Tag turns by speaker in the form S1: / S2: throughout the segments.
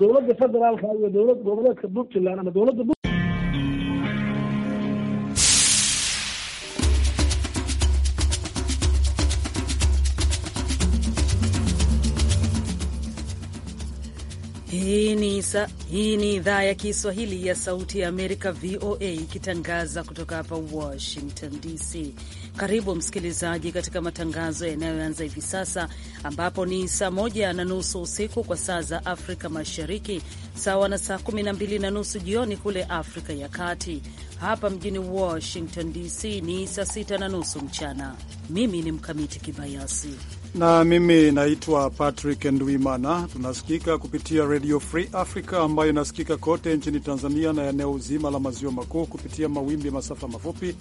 S1: dawladda federaalka iyo dawlad goboleedka puntland ama dawladda
S2: kabisa. Hii ni idhaa ya Kiswahili ya Sauti ya Amerika, VOA, ikitangaza kutoka hapa Washington DC. Karibu msikilizaji, katika matangazo yanayoanza hivi sasa, ambapo ni saa moja na nusu usiku kwa saa za Afrika Mashariki, sawa na saa kumi na mbili na nusu jioni kule Afrika ya Kati. Hapa mjini Washington DC ni saa sita na nusu mchana. Mimi ni Mkamiti Kibayasi
S3: na mimi naitwa Patrick Ndwimana. Tunasikika kupitia Radio Free Africa ambayo inasikika kote nchini Tanzania na eneo zima la maziwa makuu kupitia mawimbi masafa mafupi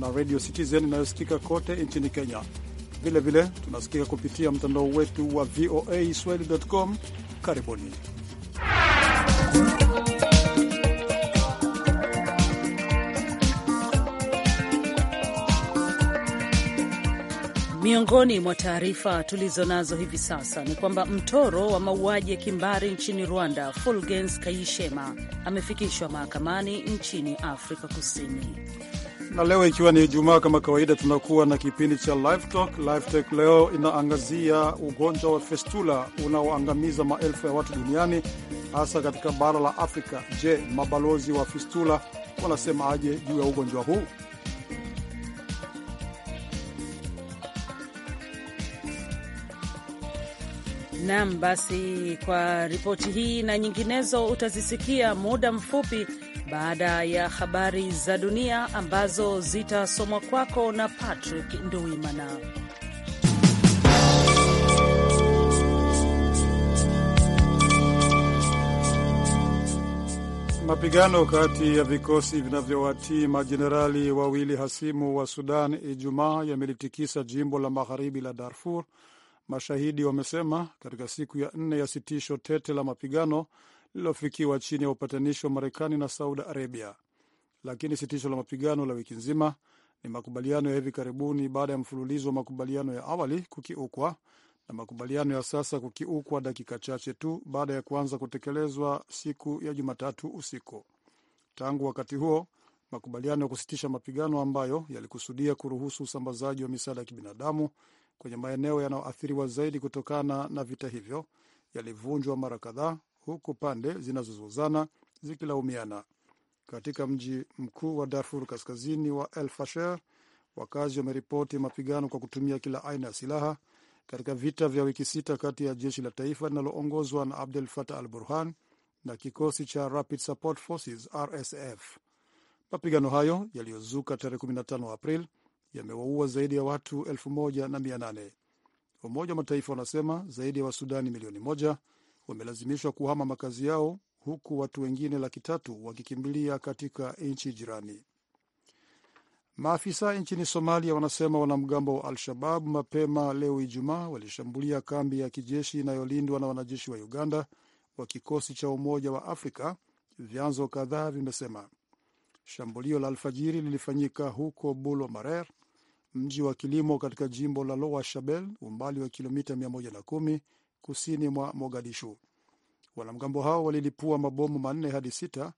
S3: na Radio Citizen inayosikika kote nchini Kenya. Vilevile tunasikika kupitia mtandao wetu wa VOA swahili.com. Karibuni.
S2: Miongoni mwa taarifa tulizonazo hivi sasa ni kwamba mtoro wa mauaji ya kimbari nchini Rwanda, Fulgens Kayishema amefikishwa mahakamani nchini Afrika Kusini.
S3: Na leo ikiwa ni Ijumaa, kama kawaida, tunakuwa na kipindi cha Live Talk. Live Talk leo inaangazia ugonjwa wa fistula unaoangamiza maelfu ya watu duniani, hasa katika bara la Afrika. Je, mabalozi wa fistula wanasema aje juu ya ugonjwa huu?
S2: Nam, basi kwa ripoti hii na nyinginezo utazisikia muda mfupi baada ya habari za dunia ambazo zitasomwa kwako na Patrick nduimana
S3: Mapigano kati ya vikosi vinavyowatii majenerali wawili hasimu wa Sudan Ijumaa yamelitikisa jimbo la magharibi la Darfur mashahidi wamesema katika siku ya nne ya sitisho tete la mapigano lililofikiwa chini ya upatanishi wa Marekani na Saudi Arabia. Lakini sitisho la mapigano la wiki nzima ni makubaliano ya hivi karibuni baada ya mfululizo wa makubaliano ya awali kukiukwa na makubaliano ya sasa kukiukwa dakika chache tu baada ya kuanza kutekelezwa siku ya Jumatatu usiku. Tangu wakati huo makubaliano ya kusitisha mapigano ambayo yalikusudia kuruhusu usambazaji wa misaada ya kibinadamu kwenye maeneo yanayoathiriwa zaidi kutokana na vita hivyo yalivunjwa mara kadhaa, huku pande zinazozozana zikilaumiana. Katika mji mkuu wa Darfur kaskazini wa El Fasher, wakazi wameripoti mapigano kwa kutumia kila aina ya silaha katika vita vya wiki sita kati ya jeshi la taifa linaloongozwa na abdul fatah al Burhan na kikosi cha Rapid Support Forces, RSF. Mapigano hayo yaliyozuka tarehe 15 Aprili yamewaua zaidi ya watu elfu moja na mia nane. Umoja wa Mataifa wanasema zaidi ya Wasudani milioni moja wamelazimishwa kuhama makazi yao huku watu wengine laki tatu wakikimbilia katika nchi jirani. Maafisa nchini Somalia wanasema wanamgambo wa Al-Shabab mapema leo Ijumaa walishambulia kambi ya kijeshi inayolindwa na wanajeshi wa Uganda wa kikosi cha Umoja wa Afrika, vyanzo kadhaa vimesema. Shambulio la alfajiri lilifanyika huko Bulo Marer, mji wa kilimo katika jimbo la loa shabel umbali wa kilomita 110 kusini mwa Mogadishu. Wanamgambo hao walilipua mabomu manne hadi sita,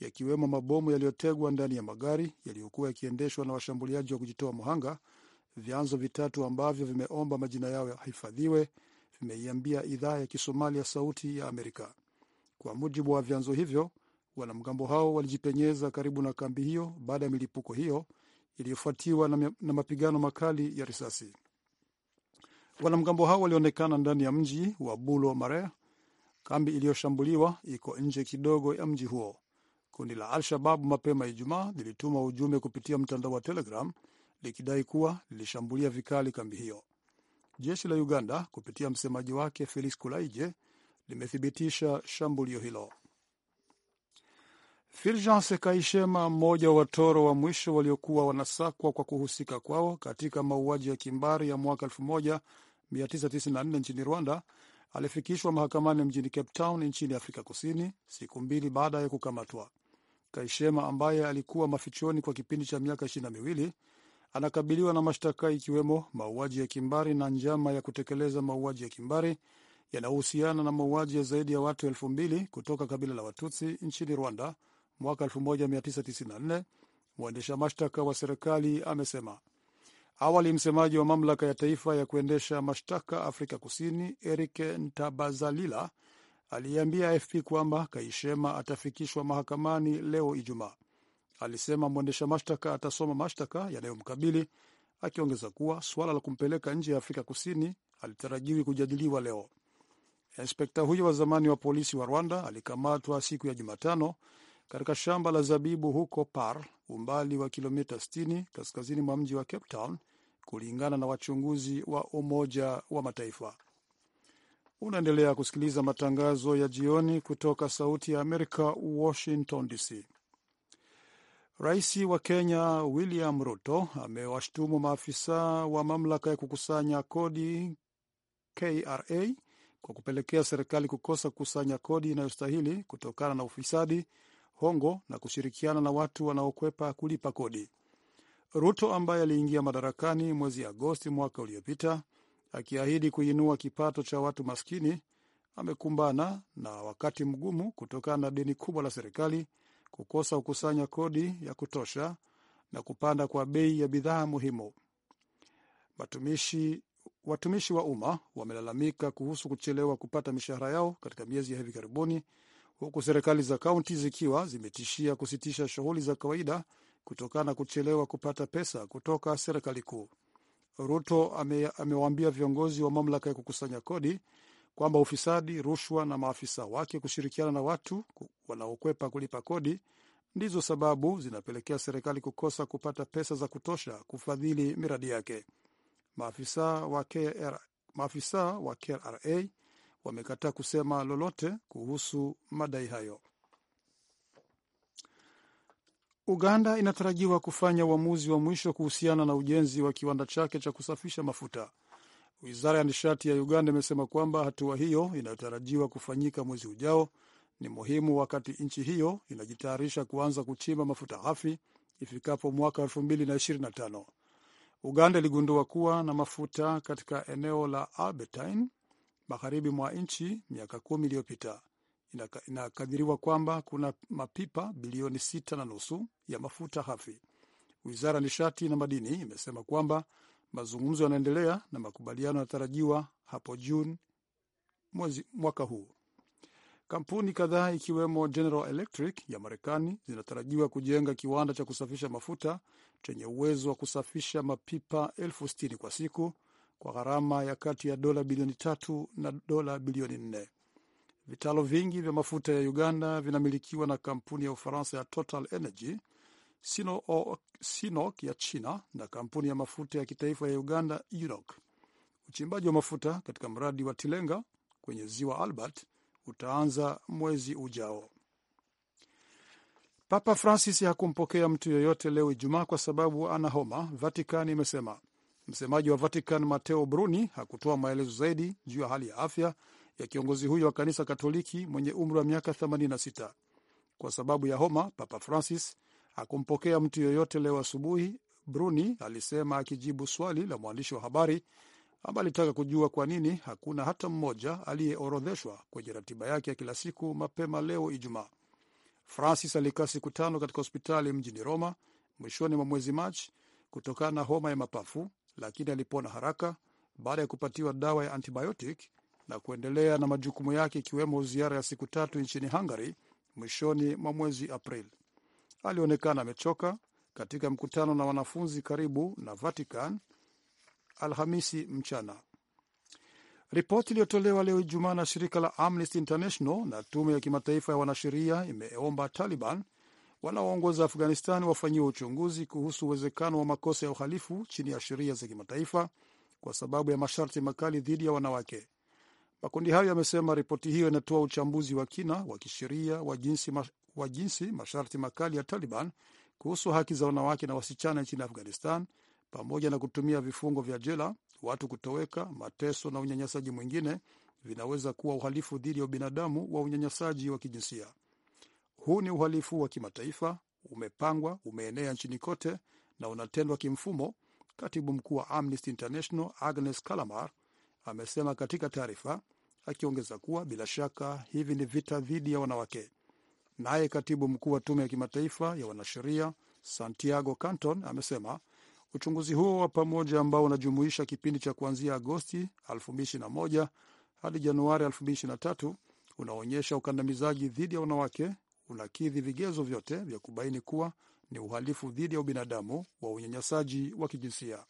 S3: yakiwemo mabomu yaliyotegwa ndani ya magari yaliyokuwa yakiendeshwa na washambuliaji wa kujitoa muhanga. Vyanzo vitatu ambavyo vimeomba majina yao yahifadhiwe vimeiambia idhaa ya Kisomali ya Sauti ya Amerika. Kwa mujibu wa vyanzo hivyo, wanamgambo hao walijipenyeza karibu na kambi hiyo baada ya milipuko hiyo iliyofuatiwa na, na mapigano makali ya risasi. Wanamgambo hao walionekana ndani ya mji wa Bulo Mare. Kambi iliyoshambuliwa iko nje kidogo ya mji huo. Kundi la Al-Shababu mapema Ijumaa lilituma ujumbe kupitia mtandao wa Telegram likidai kuwa lilishambulia vikali kambi hiyo. Jeshi la Uganda kupitia msemaji wake Felix Kulaije limethibitisha shambulio hilo. Fulgence Kaishema, mmoja wa watoro wa mwisho waliokuwa wanasakwa kwa kuhusika kwao katika mauaji ya kimbari ya mwaka 1994 nchini Rwanda, alifikishwa mahakamani mjini Cape Town nchini Afrika Kusini siku mbili baada ya kukamatwa. Kaishema ambaye alikuwa mafichoni kwa kipindi cha miaka ishirini na miwili anakabiliwa na mashtaka ikiwemo mauaji ya kimbari na njama ya kutekeleza mauaji ya kimbari yanayohusiana na mauaji ya zaidi ya watu elfu mbili kutoka kabila la Watutsi nchini Rwanda mwaka 1994, mwendesha mashtaka wa serikali amesema. Awali msemaji wa mamlaka ya taifa ya kuendesha mashtaka Afrika Kusini Eric Ntabazalila aliyeambia AFP kwamba Kaishema atafikishwa mahakamani leo Ijumaa. Alisema mwendesha mashtaka atasoma mashtaka yanayomkabili akiongeza kuwa suala la kumpeleka nje ya Afrika Kusini alitarajiwi kujadiliwa leo. Inspekta huyo wa zamani wa polisi wa Rwanda alikamatwa siku ya Jumatano katika shamba la zabibu huko Par, umbali wa kilomita 60 kaskazini mwa mji wa Cape Town, kulingana na wachunguzi wa Umoja wa Mataifa. Unaendelea kusikiliza matangazo ya jioni kutoka Sauti ya Amerika, Washington DC. Rais wa Kenya William Ruto amewashtumu maafisa wa mamlaka ya kukusanya kodi KRA kwa kupelekea serikali kukosa kukusanya kodi inayostahili kutokana na ufisadi hongo na kushirikiana na watu wanaokwepa kulipa kodi. Ruto ambaye aliingia madarakani mwezi Agosti mwaka uliopita akiahidi kuinua kipato cha watu maskini amekumbana na wakati mgumu kutokana na deni kubwa la serikali, kukosa kukusanya kodi ya kutosha na kupanda kwa bei ya bidhaa muhimu. watumishi wa umma wamelalamika kuhusu kuchelewa kupata mishahara yao katika miezi ya hivi karibuni, huku serikali za kaunti zikiwa zimetishia kusitisha shughuli za kawaida kutokana na kuchelewa kupata pesa kutoka serikali kuu. Ruto ame, amewaambia viongozi wa mamlaka ya kukusanya kodi kwamba ufisadi, rushwa na maafisa wake kushirikiana na watu wanaokwepa kulipa kodi ndizo sababu zinapelekea serikali kukosa kupata pesa za kutosha kufadhili miradi yake. Maafisa wa KRA wamekataa kusema lolote kuhusu madai hayo. Uganda inatarajiwa kufanya uamuzi wa mwisho kuhusiana na ujenzi wa kiwanda chake cha kusafisha mafuta. Wizara ya nishati ya Uganda imesema kwamba hatua hiyo inayotarajiwa kufanyika mwezi ujao ni muhimu wakati nchi hiyo inajitayarisha kuanza kuchimba mafuta ghafi ifikapo mwaka 2025. Uganda iligundua kuwa na mafuta katika eneo la Albertine magharibi mwa nchi miaka kumi iliyopita. Inakadiriwa kwamba kuna mapipa bilioni sita na nusu ya mafuta hafi. Wizara ya nishati na madini imesema kwamba mazungumzo yanaendelea na makubaliano yanatarajiwa hapo Juni mwezi mwaka huu. Kampuni kadhaa ikiwemo General Electric ya Marekani zinatarajiwa kujenga kiwanda cha kusafisha mafuta chenye uwezo wa kusafisha mapipa elfu sitini kwa siku kwa gharama ya kati ya dola bilioni tatu na dola bilioni nne. Vitalo vingi vya mafuta ya Uganda vinamilikiwa na kampuni ya Ufaransa ya Total Energy, Sinok ya China na kampuni ya mafuta ya kitaifa ya Uganda, UNOC. Uchimbaji wa mafuta katika mradi wa Tilenga kwenye ziwa Albert utaanza mwezi ujao. Papa Francis hakumpokea mtu yoyote leo Ijumaa kwa sababu ana homa, Vatikani imesema. Msemaji wa Vatican mateo Bruni hakutoa maelezo zaidi juu ya hali ya afya ya kiongozi huyo wa kanisa Katoliki mwenye umri wa miaka 86. Kwa sababu ya homa, Papa Francis hakumpokea mtu yoyote leo asubuhi, Bruni alisema akijibu swali la mwandishi wa habari ambaye alitaka kujua kwa nini hakuna hata mmoja aliyeorodheshwa kwenye ratiba yake ya kila siku. Mapema leo Ijumaa, Francis alikaa siku tano katika hospitali mjini Roma mwishoni mwa mwezi Machi kutokana na homa ya mapafu lakini alipona haraka baada ya kupatiwa dawa ya antibiotic na kuendelea na majukumu yake ikiwemo ziara ya siku tatu nchini Hungary mwishoni mwa mwezi April. Alionekana amechoka katika mkutano na wanafunzi karibu na Vatican Alhamisi mchana. Ripoti iliyotolewa leo Ijumaa na shirika la Amnesty International na tume ya kimataifa ya wanasheria imeomba Taliban wanaoongoza Afghanistan wafanyiwe uchunguzi kuhusu uwezekano wa makosa ya uhalifu chini ya sheria za kimataifa kwa sababu ya masharti makali dhidi ya wanawake. Makundi hayo yamesema ripoti hiyo inatoa uchambuzi wa kina wa kisheria wa jinsi, wa jinsi masharti makali ya Taliban kuhusu haki za wanawake na wasichana nchini Afghanistan, pamoja na kutumia vifungo vya jela, watu kutoweka, mateso na unyanyasaji mwingine vinaweza kuwa uhalifu dhidi ya ubinadamu wa unyanyasaji wa kijinsia. Huu ni uhalifu wa kimataifa, umepangwa, umeenea nchini kote na unatendwa kimfumo, katibu mkuu wa Amnesty International Agnes Kalamar amesema katika taarifa, akiongeza kuwa bila shaka hivi ni vita dhidi ya wanawake. Naye katibu mkuu wa tume ya kimataifa ya wanasheria Santiago Canton amesema uchunguzi huo wa pamoja ambao unajumuisha kipindi cha kuanzia Agosti 2021 hadi Januari 2023 unaonyesha ukandamizaji dhidi ya wanawake unakidhi vigezo vyote vya kubaini kuwa ni uhalifu dhidi ya ubinadamu wa unyanyasaji wa kijinsia.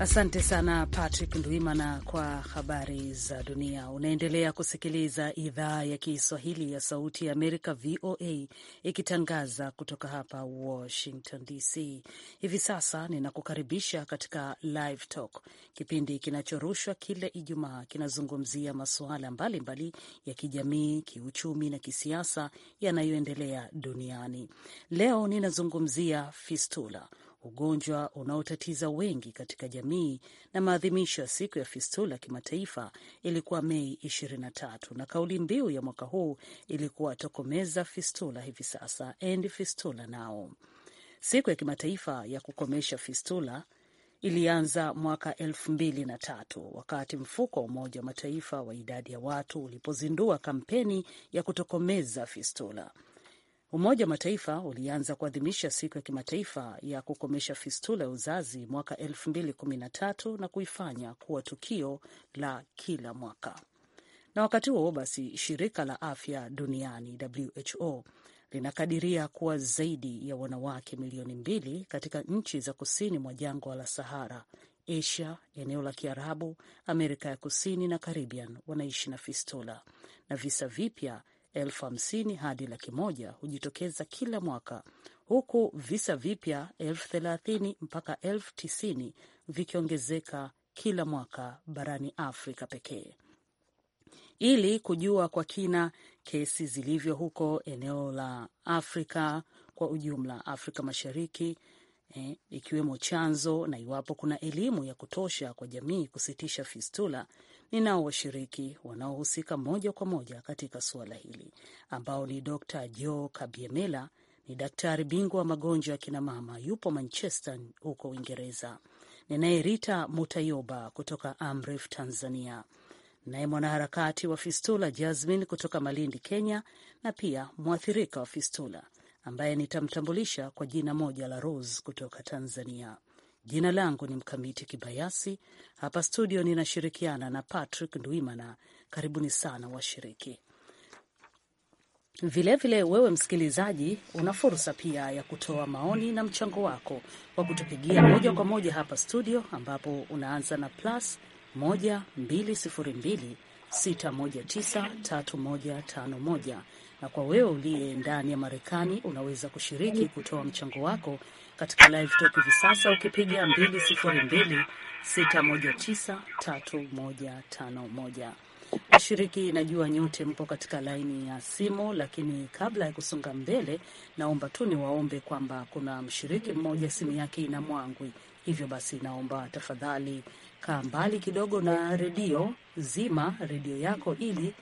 S2: Asante sana Patrick Ndwimana kwa habari za dunia. Unaendelea kusikiliza idhaa ya Kiswahili ya Sauti ya Amerika, VOA, ikitangaza kutoka hapa Washington DC. Hivi sasa ninakukaribisha katika Live Talk, kipindi kinachorushwa kila Ijumaa, kinazungumzia masuala mbalimbali ya kijamii, kiuchumi na kisiasa yanayoendelea duniani. Leo ninazungumzia fistula ugonjwa unaotatiza wengi katika jamii, na maadhimisho ya siku ya fistula kimataifa ilikuwa Mei 23 na kauli mbiu ya mwaka huu ilikuwa tokomeza fistula hivi sasa, End Fistula nao. Siku ya kimataifa ya kukomesha fistula ilianza mwaka elfu mbili na tatu wakati mfuko wa Umoja wa Mataifa wa idadi ya watu ulipozindua kampeni ya kutokomeza fistula. Umoja wa Mataifa ulianza kuadhimisha siku ya kimataifa ya kukomesha fistula ya uzazi mwaka 2013 na kuifanya kuwa tukio la kila mwaka. Na wakati huo basi, shirika la afya duniani WHO linakadiria kuwa zaidi ya wanawake milioni mbili katika nchi za kusini mwa jangwa la Sahara, Asia, eneo la Kiarabu, Amerika ya Kusini na Caribbean wanaishi na fistula na visa vipya elfu hamsini hadi laki moja hujitokeza kila mwaka huku visa vipya elfu thelathini mpaka elfu tisini vikiongezeka kila mwaka barani Afrika pekee. Ili kujua kwa kina kesi zilivyo huko eneo la Afrika kwa ujumla, Afrika Mashariki eh, ikiwemo chanzo na iwapo kuna elimu ya kutosha kwa jamii kusitisha fistula, ninaowashiriki wanaohusika moja kwa moja katika suala hili ambao ni Dr Joe Kabiemela, ni daktari bingwa wa magonjwa ya kinamama, yupo Manchester huko Uingereza, ninaye Rita Mutayoba kutoka Amref Tanzania, naye mwanaharakati wa fistula jasmin kutoka Malindi, Kenya, na pia mwathirika wa fistula ambaye nitamtambulisha kwa jina moja la Rose kutoka Tanzania. Jina langu ni Mkamiti Kibayasi. Hapa studio ninashirikiana na Patrick Ndwimana. Karibuni sana washiriki. Vilevile vile wewe msikilizaji, una fursa pia ya kutoa maoni na mchango wako kwa kutupigia moja kwa moja hapa studio, ambapo unaanza na plus 1 202 619 3151 na kwa wewe uliye ndani ya Marekani unaweza kushiriki kutoa mchango wako katika live talk hivi sasa ukipiga 202 619 3151. Washiriki, najua nyote mpo katika laini ya simu, lakini kabla ya kusonga mbele, naomba tu niwaombe kwamba kuna mshiriki mmoja simu yake ina mwangwi, hivyo basi naomba tafadhali kaa mbali kidogo na redio, zima redio yako ili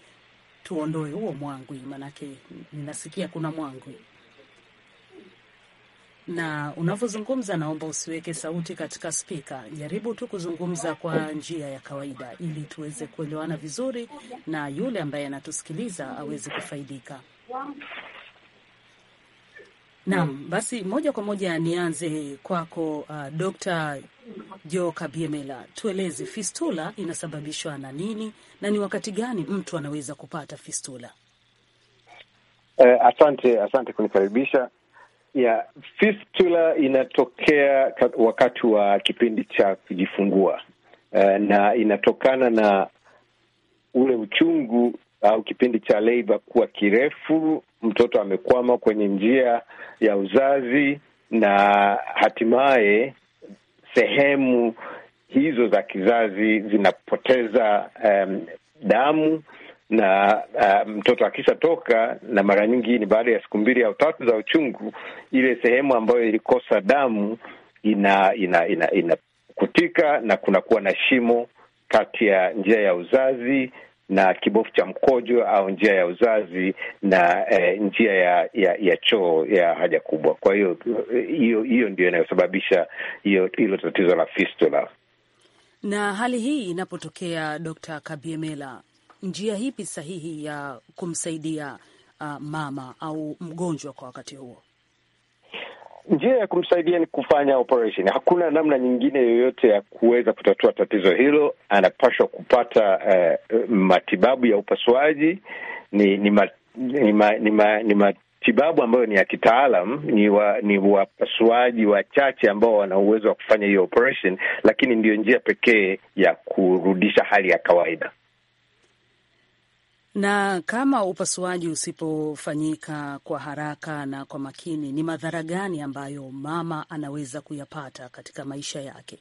S2: tuondoe huo mwangwi, manake ninasikia kuna mwangwi na unavyozungumza, naomba usiweke sauti katika spika. Jaribu tu kuzungumza kwa njia ya kawaida, ili tuweze kuelewana vizuri na yule ambaye anatusikiliza aweze kufaidika. Naam, basi moja kwa moja nianze kwako, uh, Dr. Jo Kabiemela, tueleze fistula inasababishwa na nini na ni wakati gani mtu anaweza kupata
S4: fistula? Eh, asante asante kunikaribisha. Yeah, fistula inatokea wakati wa kipindi cha kujifungua eh, na inatokana na ule uchungu au kipindi cha leiba kuwa kirefu, mtoto amekwama kwenye njia ya uzazi na hatimaye sehemu hizo za kizazi zinapoteza um, damu na uh, mtoto akishatoka, na mara nyingi ni baada ya siku mbili au tatu za uchungu, ile sehemu ambayo ilikosa damu ina ina inakutika ina na kunakuwa na shimo kati ya njia ya uzazi na kibofu cha mkojo au njia ya uzazi na e, njia ya ya, ya choo ya haja kubwa. Kwa hiyo eh, hiyo hiyo ndio inayosababisha hiyo hilo tatizo la fistula.
S2: Na hali hii inapotokea, Dr. Kabiemela, njia hipi sahihi ya kumsaidia uh, mama au mgonjwa kwa wakati huo?
S4: njia ya kumsaidia ni kufanya operation. Hakuna namna nyingine yoyote ya kuweza kutatua tatizo hilo. Anapaswa kupata uh, matibabu ya upasuaji ni ni, ma, ni, ma, ni, ma, ni ma, tibabu ambayo ni ya kitaalam ni wa, ni wapasuaji wachache ambao wana uwezo wa kufanya hiyo operation, lakini ndiyo njia pekee ya kurudisha hali ya kawaida.
S2: Na kama upasuaji usipofanyika kwa haraka na kwa makini, ni madhara gani ambayo mama anaweza kuyapata katika maisha yake?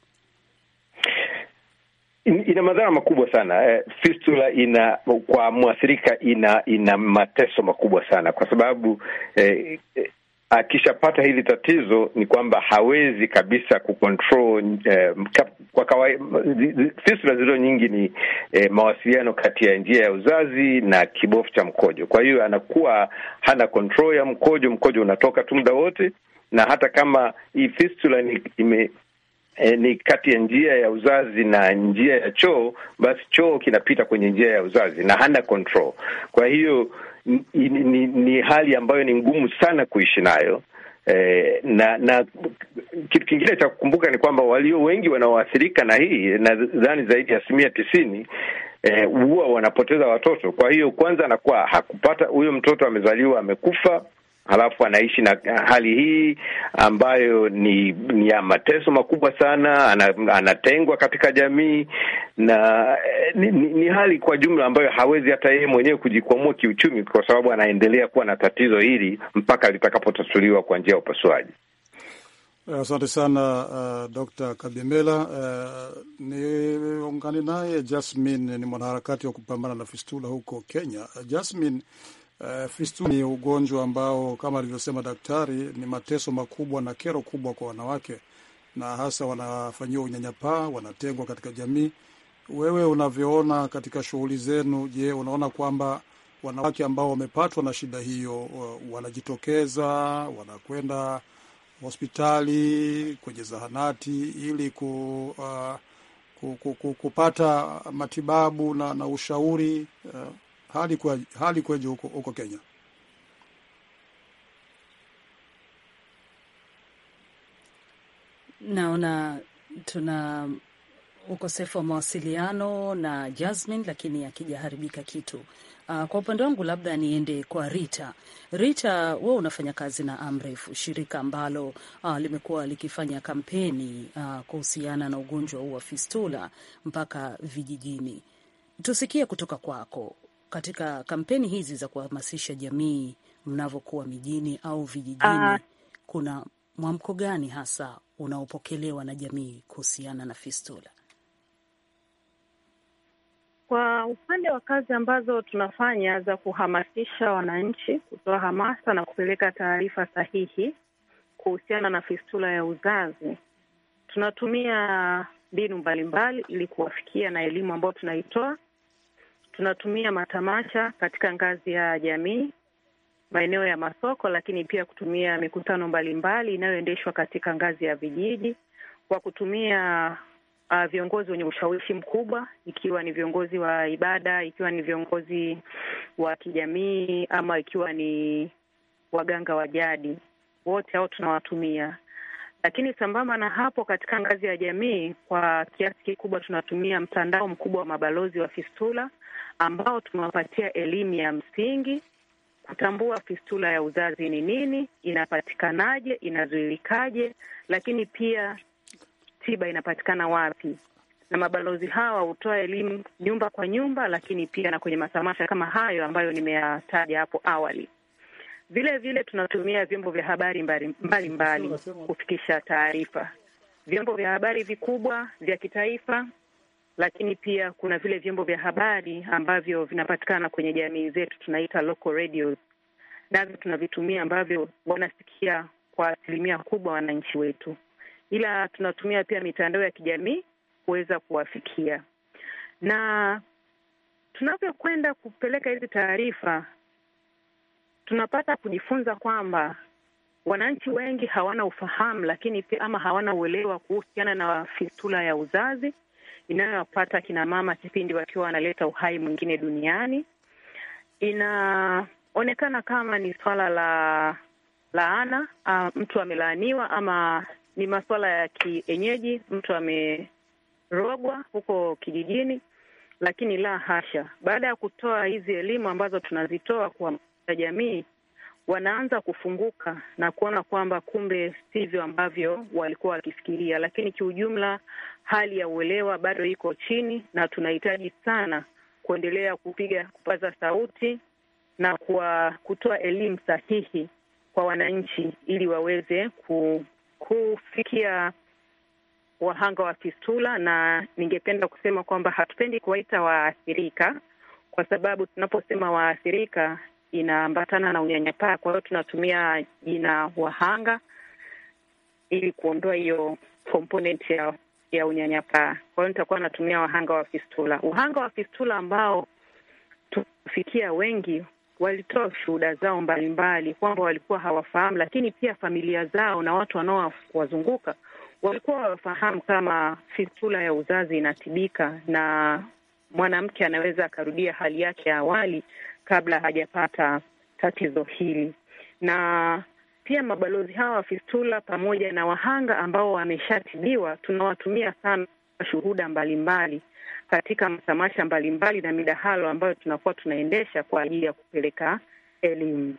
S4: Ina madhara makubwa sana. Eh, fistula ina kwa mwathirika, ina ina mateso makubwa sana, kwa sababu eh, akishapata hili tatizo ni kwamba hawezi kabisa kucontrol eh, kwa kawaida fistula zilizo nyingi ni eh, mawasiliano kati ya njia ya uzazi na kibofu cha mkojo. Kwa hiyo anakuwa hana control ya mkojo, mkojo unatoka tu muda wote, na hata kama hii fistula ni, ime, eh, ni kati ya njia ya uzazi na njia ya choo, basi choo kinapita kwenye njia ya uzazi na hana control. Kwa hiyo ni, ni, ni hali ambayo ni ngumu sana kuishi nayo. E, na na kitu kingine cha kukumbuka ni kwamba walio wengi wanaoathirika na hii nadhani zaidi ya asilimia tisini eh, huwa e, wanapoteza watoto. Kwa hiyo kwanza anakuwa hakupata huyo mtoto amezaliwa amekufa, halafu anaishi na hali hii ambayo ni, ni ya mateso makubwa sana. Ana, anatengwa katika jamii na eh, ni, ni, ni hali kwa jumla ambayo hawezi hata yeye mwenyewe kujikwamua kiuchumi, kwa sababu anaendelea kuwa na tatizo hili mpaka litakapotatuliwa kwa njia ya upasuaji.
S3: Asante sana uh, Dr. Kabimela. Uh, niungane naye Jasmine, ni mwanaharakati wa kupambana na fistula huko Kenya. Jasmine, Uh, ni ugonjwa ambao kama alivyosema daktari ni mateso makubwa na kero kubwa kwa wanawake, na hasa wanafanyiwa unyanyapaa, wanatengwa katika jamii. Wewe unavyoona katika shughuli zenu, je, unaona kwamba wanawake ambao wamepatwa na shida hiyo wanajitokeza, wanakwenda hospitali, kwenye zahanati ili ku, uh, ku, ku, ku, kupata matibabu na, na ushauri uh, hali kwa hali kweje huko huko Kenya?
S2: Naona tuna ukosefu wa mawasiliano na Jasmine, lakini akijaharibika kitu. Uh, kwa upande wangu labda niende kwa Rita. Rita, wewe unafanya kazi na Amref, shirika ambalo uh, limekuwa likifanya kampeni uh, kuhusiana na ugonjwa huu wa fistula mpaka vijijini. Tusikie kutoka kwako, katika kampeni hizi za kuhamasisha jamii mnavyokuwa mijini au vijijini, aa, ah. kuna mwamko gani hasa unaopokelewa na jamii kuhusiana na fistula?
S5: Kwa upande wa kazi ambazo tunafanya za kuhamasisha wananchi, kutoa hamasa na kupeleka taarifa sahihi kuhusiana na fistula ya uzazi, tunatumia mbinu mbalimbali ili kuwafikia na elimu ambayo tunaitoa Tunatumia matamasha katika ngazi ya jamii, maeneo ya masoko, lakini pia kutumia mikutano mbalimbali inayoendeshwa katika ngazi ya vijiji kwa kutumia uh, viongozi wenye ushawishi mkubwa, ikiwa ni viongozi wa ibada, ikiwa ni viongozi wa kijamii, ama ikiwa ni waganga wa jadi, wote hao tunawatumia. Lakini sambamba na hapo, katika ngazi ya jamii, kwa kiasi kikubwa tunatumia mtandao mkubwa wa mabalozi wa Fistula ambao tumewapatia elimu ya msingi kutambua fistula ya uzazi ni nini, inapatikanaje, inazuilikaje, lakini pia tiba inapatikana wapi. Na mabalozi hawa hutoa elimu nyumba kwa nyumba, lakini pia na kwenye matamasha kama hayo ambayo nimeyataja hapo awali. Vile vile tunatumia vyombo vya habari mbalimbali mbali kufikisha taarifa, vyombo vya habari vikubwa vya kitaifa lakini pia kuna vile vyombo vya habari ambavyo vinapatikana kwenye jamii zetu, tunaita local radios, navyo tunavitumia ambavyo wanasikia kwa asilimia kubwa wananchi wetu, ila tunatumia pia mitandao ya kijamii kuweza kuwafikia, na tunavyokwenda kupeleka hizi taarifa tunapata kujifunza kwamba wananchi wengi hawana ufahamu, lakini pia ama hawana uelewa kuhusiana na fistula ya uzazi inayowapata kina mama kipindi wakiwa wanaleta uhai mwingine duniani. Inaonekana kama ni swala la laana, uh, mtu amelaaniwa, ama ni masuala ya kienyeji, mtu amerogwa huko kijijini, lakini la hasha. Baada ya kutoa hizi elimu ambazo tunazitoa kwa jamii wanaanza kufunguka na kuona kwamba kumbe sivyo ambavyo walikuwa wakifikiria, lakini kiujumla hali ya uelewa bado iko chini, na tunahitaji sana kuendelea kupiga kupaza sauti na kwa kutoa elimu sahihi kwa wananchi ili waweze ku, kufikia wahanga wa fistula. Na ningependa kusema kwamba hatupendi kuwaita waathirika, kwa sababu tunaposema waathirika inaambatana na unyanyapaa. Kwa hiyo tunatumia jina wahanga ili kuondoa hiyo komponenti ya, ya unyanyapaa. Kwa hiyo nitakuwa natumia wahanga wa fistula. Wahanga wa fistula ambao tufikia wengi walitoa shuhuda zao mbalimbali kwamba walikuwa hawafahamu, lakini pia familia zao na watu wanaowazunguka walikuwa hawafahamu kama fistula ya uzazi inatibika na mwanamke anaweza akarudia hali yake ya awali kabla hajapata tatizo hili. Na pia mabalozi hawa wa fistula pamoja na wahanga ambao wameshatibiwa tunawatumia sana shuhuda mbalimbali katika matamasha mbalimbali na midahalo ambayo tunakuwa tunaendesha kwa ajili ya kupeleka elimu,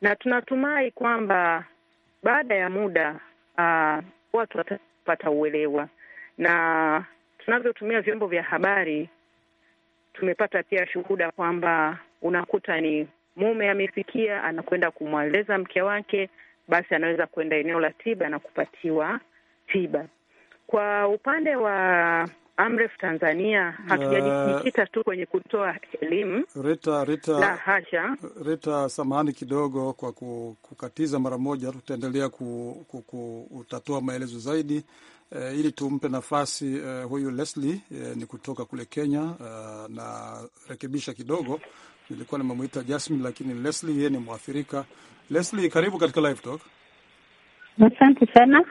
S5: na tunatumai kwamba baada ya muda uh, watu watapata uelewa, na tunavyotumia vyombo vya habari tumepata pia shuhuda kwamba unakuta ni mume amefikia, anakwenda kumweleza mke wake, basi anaweza kwenda eneo la tiba na kupatiwa tiba. Kwa upande wa Amref Tanzania hatujajikita uh, tu kwenye kutoa elimu
S3: Rita, Rita, la hasha. Rita, samahani kidogo kwa kukatiza mara moja, tutaendelea kutatua maelezo zaidi eh, ili tumpe nafasi eh, huyu Leslie eh, ni kutoka kule Kenya eh, na rekebisha kidogo nilikuwa nimemuita Jasmine, lakini Leslie yeye ni mwathirika. Leslie, karibu katika live talk.
S1: Asante sana.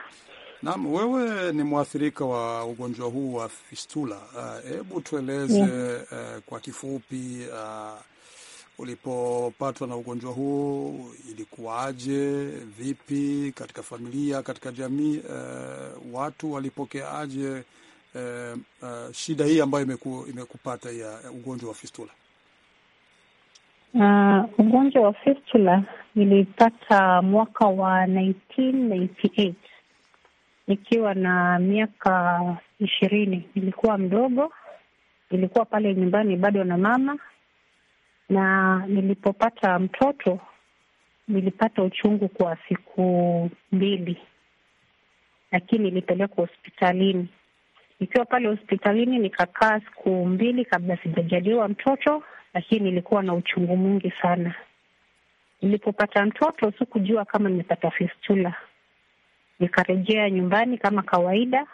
S3: Naam, wewe ni mwathirika wa ugonjwa huu wa fistula. Ah, hebu uh, tueleze uh, kwa kifupi uh, ulipopatwa na ugonjwa huu ilikuwaje? Vipi katika familia, katika jamii, uh, watu walipokeaje uh, uh, shida hii ambayo imeku, imekupata ya ugonjwa wa fistula?
S1: Uh, ugonjwa wa fistula nilipata mwaka wa 1998 nikiwa na miaka ishirini. Nilikuwa mdogo, nilikuwa pale nyumbani bado na mama, na nilipopata mtoto nilipata uchungu kwa siku mbili, lakini nilipelekwa hospitalini. Nikiwa pale hospitalini nikakaa siku mbili kabla sijajaliwa mtoto lakini nilikuwa na uchungu mwingi sana. Nilipopata mtoto sikujua kama nimepata fistula. Nikarejea nyumbani kama kawaida,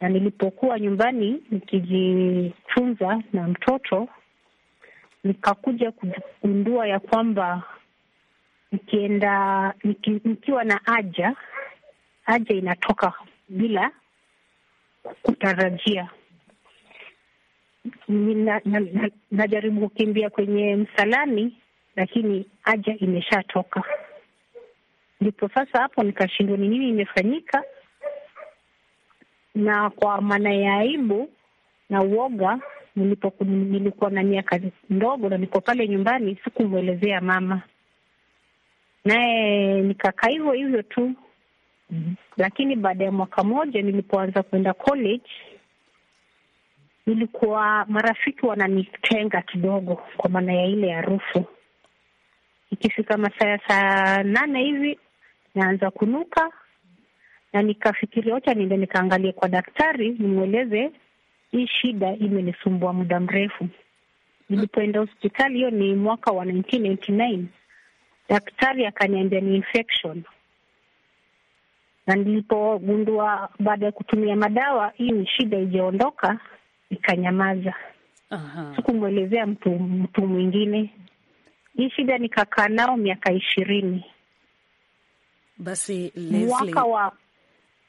S1: na nilipokuwa nyumbani nikijitunza na mtoto, nikakuja kugundua ya kwamba nikienda niki, nikiwa na haja haja inatoka bila kutarajia na, na, na, najaribu kukimbia kwenye msalani, lakini haja imeshatoka. Ndipo sasa hapo nikashindwa ni nini imefanyika, na kwa maana ya aibu na uoga nilipo, nilikuwa na miaka ndogo na niko pale nyumbani, sikumwelezea mama, naye nikakaa hivyo hivyo tu. Mm -hmm. Lakini baada ya mwaka mmoja nilipoanza kwenda college nilikuwa marafiki wananitenga kidogo kwa maana ya ile harufu. Ikifika masaa ya saa nane hivi naanza kunuka, na nikafikiria wacha niende nikaangalie kwa daktari, nimweleze hii shida imenisumbua muda mrefu. Nilipoenda hospitali, hiyo ni mwaka wa 1989 daktari akaniambia ni infection na nilipogundua baada ya kutumia madawa hii ni shida ijaondoka, ikanyamaza. Sikumwelezea mtu mtu mwingine hii shida, nikakaa nao miaka ishirini.
S2: Basi mwaka wa...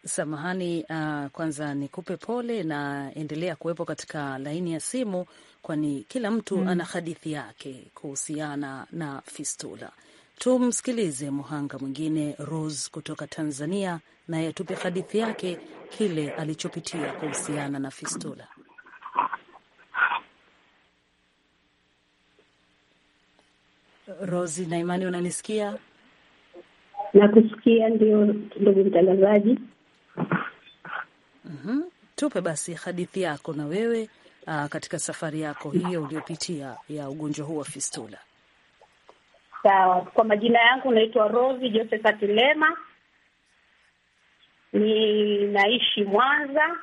S2: samahani uh, kwanza nikupe pole na endelea kuwepo katika laini ya simu, kwani kila mtu mm, ana hadithi yake kuhusiana na fistula. Tumsikilize muhanga mwingine Rose kutoka Tanzania, naye atupe hadithi yake kile alichopitia kuhusiana na fistula. Rosi na Imani, unanisikia?
S1: Nakusikia ndio, ndugu mtangazaji.
S2: Mm-hmm. Tupe basi hadithi yako na wewe aa, ah, katika safari yako hiyo uliyopitia ya ugonjwa huu wa fistula. Sawa, kwa majina yangu naitwa Rosi Josephat Lema,
S1: ninaishi Mwanza.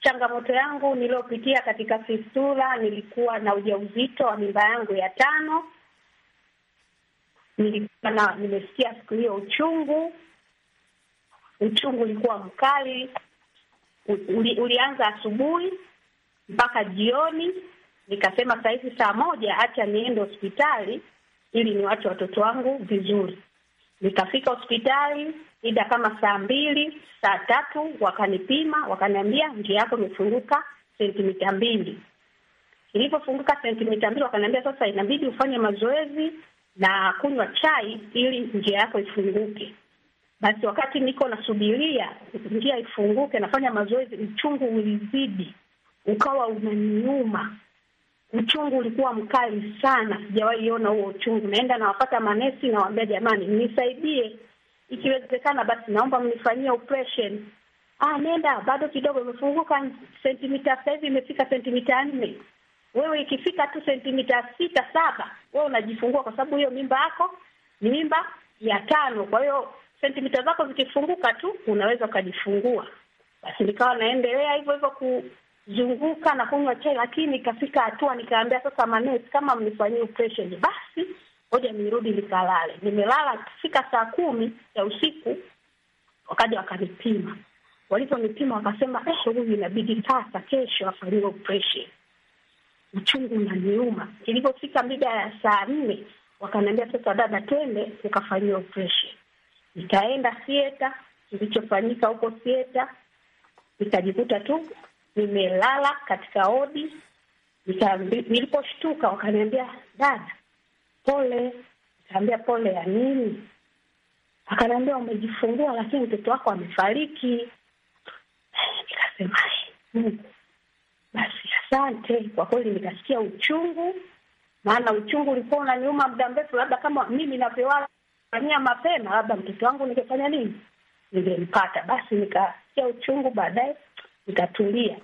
S1: Changamoto yangu niliyopitia katika fistula, nilikuwa na ujauzito wa mimba yangu ya tano nilikuwa nimesikia siku hiyo uchungu, uchungu ulikuwa mkali, uli, ulianza asubuhi mpaka jioni. Nikasema saa hizi saa moja, hacha niende hospitali ili niwache watoto wangu vizuri. Nikafika hospitali ida kama saa mbili saa tatu, wakanipima wakaniambia, njia yako imefunguka sentimita mbili. Ilipofunguka sentimita mbili, wakaniambia sasa inabidi ufanye mazoezi na kunywa chai ili njia yako ifunguke. Basi wakati niko nasubiria njia ifunguke, nafanya mazoezi, uchungu ulizidi ukawa unaniuma. Uchungu ulikuwa mkali sana, sijawahi ona huo uchungu. Naenda nawapata manesi, nawaambia jamani, nisaidie, ikiwezekana basi naomba mnifanyie operation. Ah, nenda bado kidogo, imefunguka sentimita, sasa hivi imefika sentimita nne. Wewe ikifika tu sentimita sita saba, wewe unajifungua, kwa sababu hiyo mimba yako ni mimba ya tano. Kwa hiyo sentimita zako zikifunguka tu unaweza ukajifungua. Basi nikawa naendelea hivyo hivyo kuzunguka na kunywa chai, lakini ikafika hatua nikaambia sasa manesi, kama mnifanyia operesheni basi ngoja nirudi nikalale. Nimelala, kufika saa kumi ya usiku wakaja wakanipima. Walivyonipima wakasema, eh, huyu inabidi sasa kesho afanyiwe operesheni uchungu unaniuma. Ilipofika mida ya saa nne, wakaniambia sasa, dada, twende ukafanyia operesheni. Nikaenda sieta, kilichofanyika huko sieta, nikajikuta tu nimelala katika odi. Niliposhtuka wakaniambia, dada, pole. Nikaambia pole ya nini? Akaniambia umejifungua, lakini mtoto wako amefariki. Nikasema Mungu basi asante kwa kweli, nikasikia uchungu, maana uchungu ulikuwa unaniuma muda mrefu. Labda kama mimi navyowafanyia mapema, labda mtoto wangu ningefanya nini, ningempata. Basi nikasikia uchungu, baadaye nikatulia,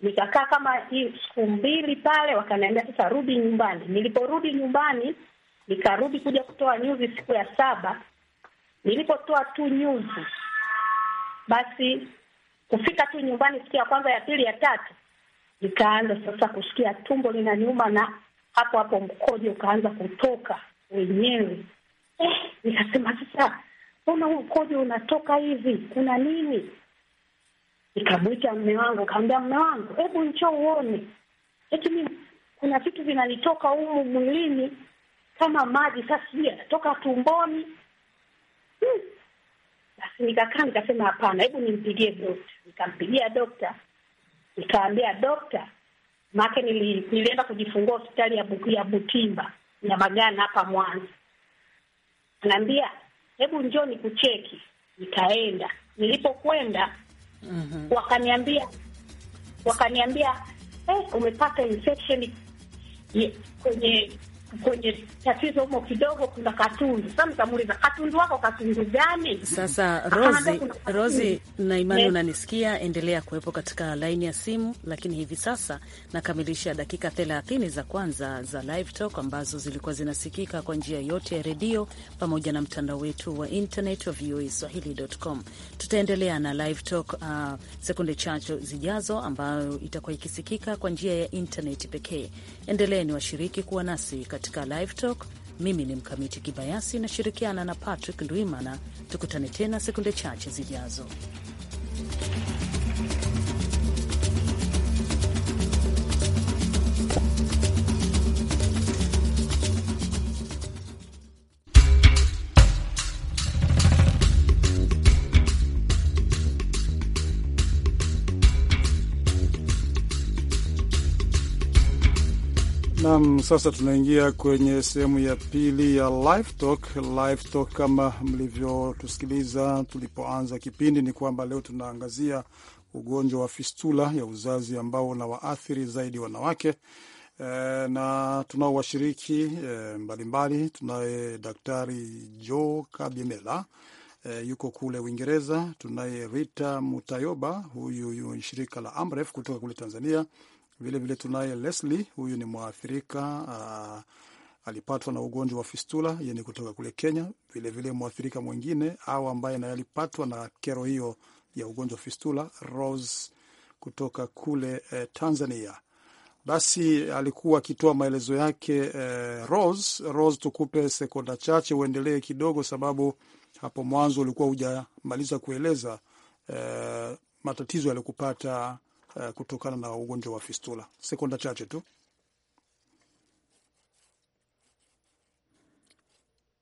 S1: nikakaa kama hii siku mbili pale, wakaniambia sasa rudi nyumbani. Niliporudi nyumbani, nikarudi kuja kutoa nyuzi siku ya saba. Nilipotoa tu nyuzi, basi Kufika tu nyumbani, siku ya kwanza, ya pili, ya tatu, nikaanza sasa kusikia tumbo linaniuma, na hapo hapo mkojo ukaanza kutoka wenyewe. Eh, nikasema sasa, mbona huu mkojo unatoka hivi? Kuna nini? Nikabwita mme wangu, kaambia mme wangu, hebu njoo uone, eti kuna vitu vinanitoka humu mwilini kama maji, sasa sijui yanatoka tumboni. hmm nikakaa nikasema, hapana, hebu nimpigie dokta. Nikampigia dokta, nikaambia dokta, maake nili, nilienda kujifungua hospitali ya, butimba ya Butimba hapa Mwanza. Anaambia hebu njoo nikucheki. Nikaenda, nilipokwenda mm -hmm. wakaniambia wakaniambia, eh, umepata infection kwenye kwenye tatizo humo kidogo, kuna katundu. Sasa mtamuuliza katundu wako katundu gani? Sasa Rozi, Rozi na imani
S2: unanisikia, endelea kuwepo katika laini ya simu, lakini hivi sasa nakamilisha dakika thelathini za kwanza za live talk ambazo zilikuwa zinasikika kwa njia yote ya redio pamoja na mtandao wetu wa internet wa VOA Swahili.com. Tutaendelea na live talk uh, sekunde chache zijazo, ambayo itakuwa ikisikika kwa njia ya internet pekee. Endeleeni washiriki kuwa nasi katika katika Live Talk. Mimi ni Mkamiti Kibayasi, nashirikiana na Patrick Ndwimana. Tukutane tena sekunde chache zijazo.
S3: Naam, sasa tunaingia kwenye sehemu ya pili ya live talk. Live talk, kama mlivyotusikiliza tulipoanza kipindi, ni kwamba leo tunaangazia ugonjwa wa fistula ya uzazi ambao unawaathiri zaidi wanawake e, na tunao washiriki e, mbalimbali. Tunaye Daktari Joe Kabimela e, yuko kule Uingereza. Tunaye Rita Mutayoba, huyu yu shirika la Amref kutoka kule Tanzania Vilevile tunaye Leslie, huyu ni mwathirika uh, alipatwa na ugonjwa wa fistula, yeye ni kutoka kule Kenya. Vilevile mwathirika mwingine au ambaye naye alipatwa na kero hiyo ya ugonjwa wa fistula, Rose kutoka kule eh, Tanzania. Basi alikuwa akitoa maelezo yake eh, Rose. Rose, tukupe sekonda chache uendelee kidogo, sababu hapo mwanzo ulikuwa hujamaliza kueleza eh, matatizo yaliyokupata Eh, kutokana na ugonjwa wa fistula. Sekonda chache tu.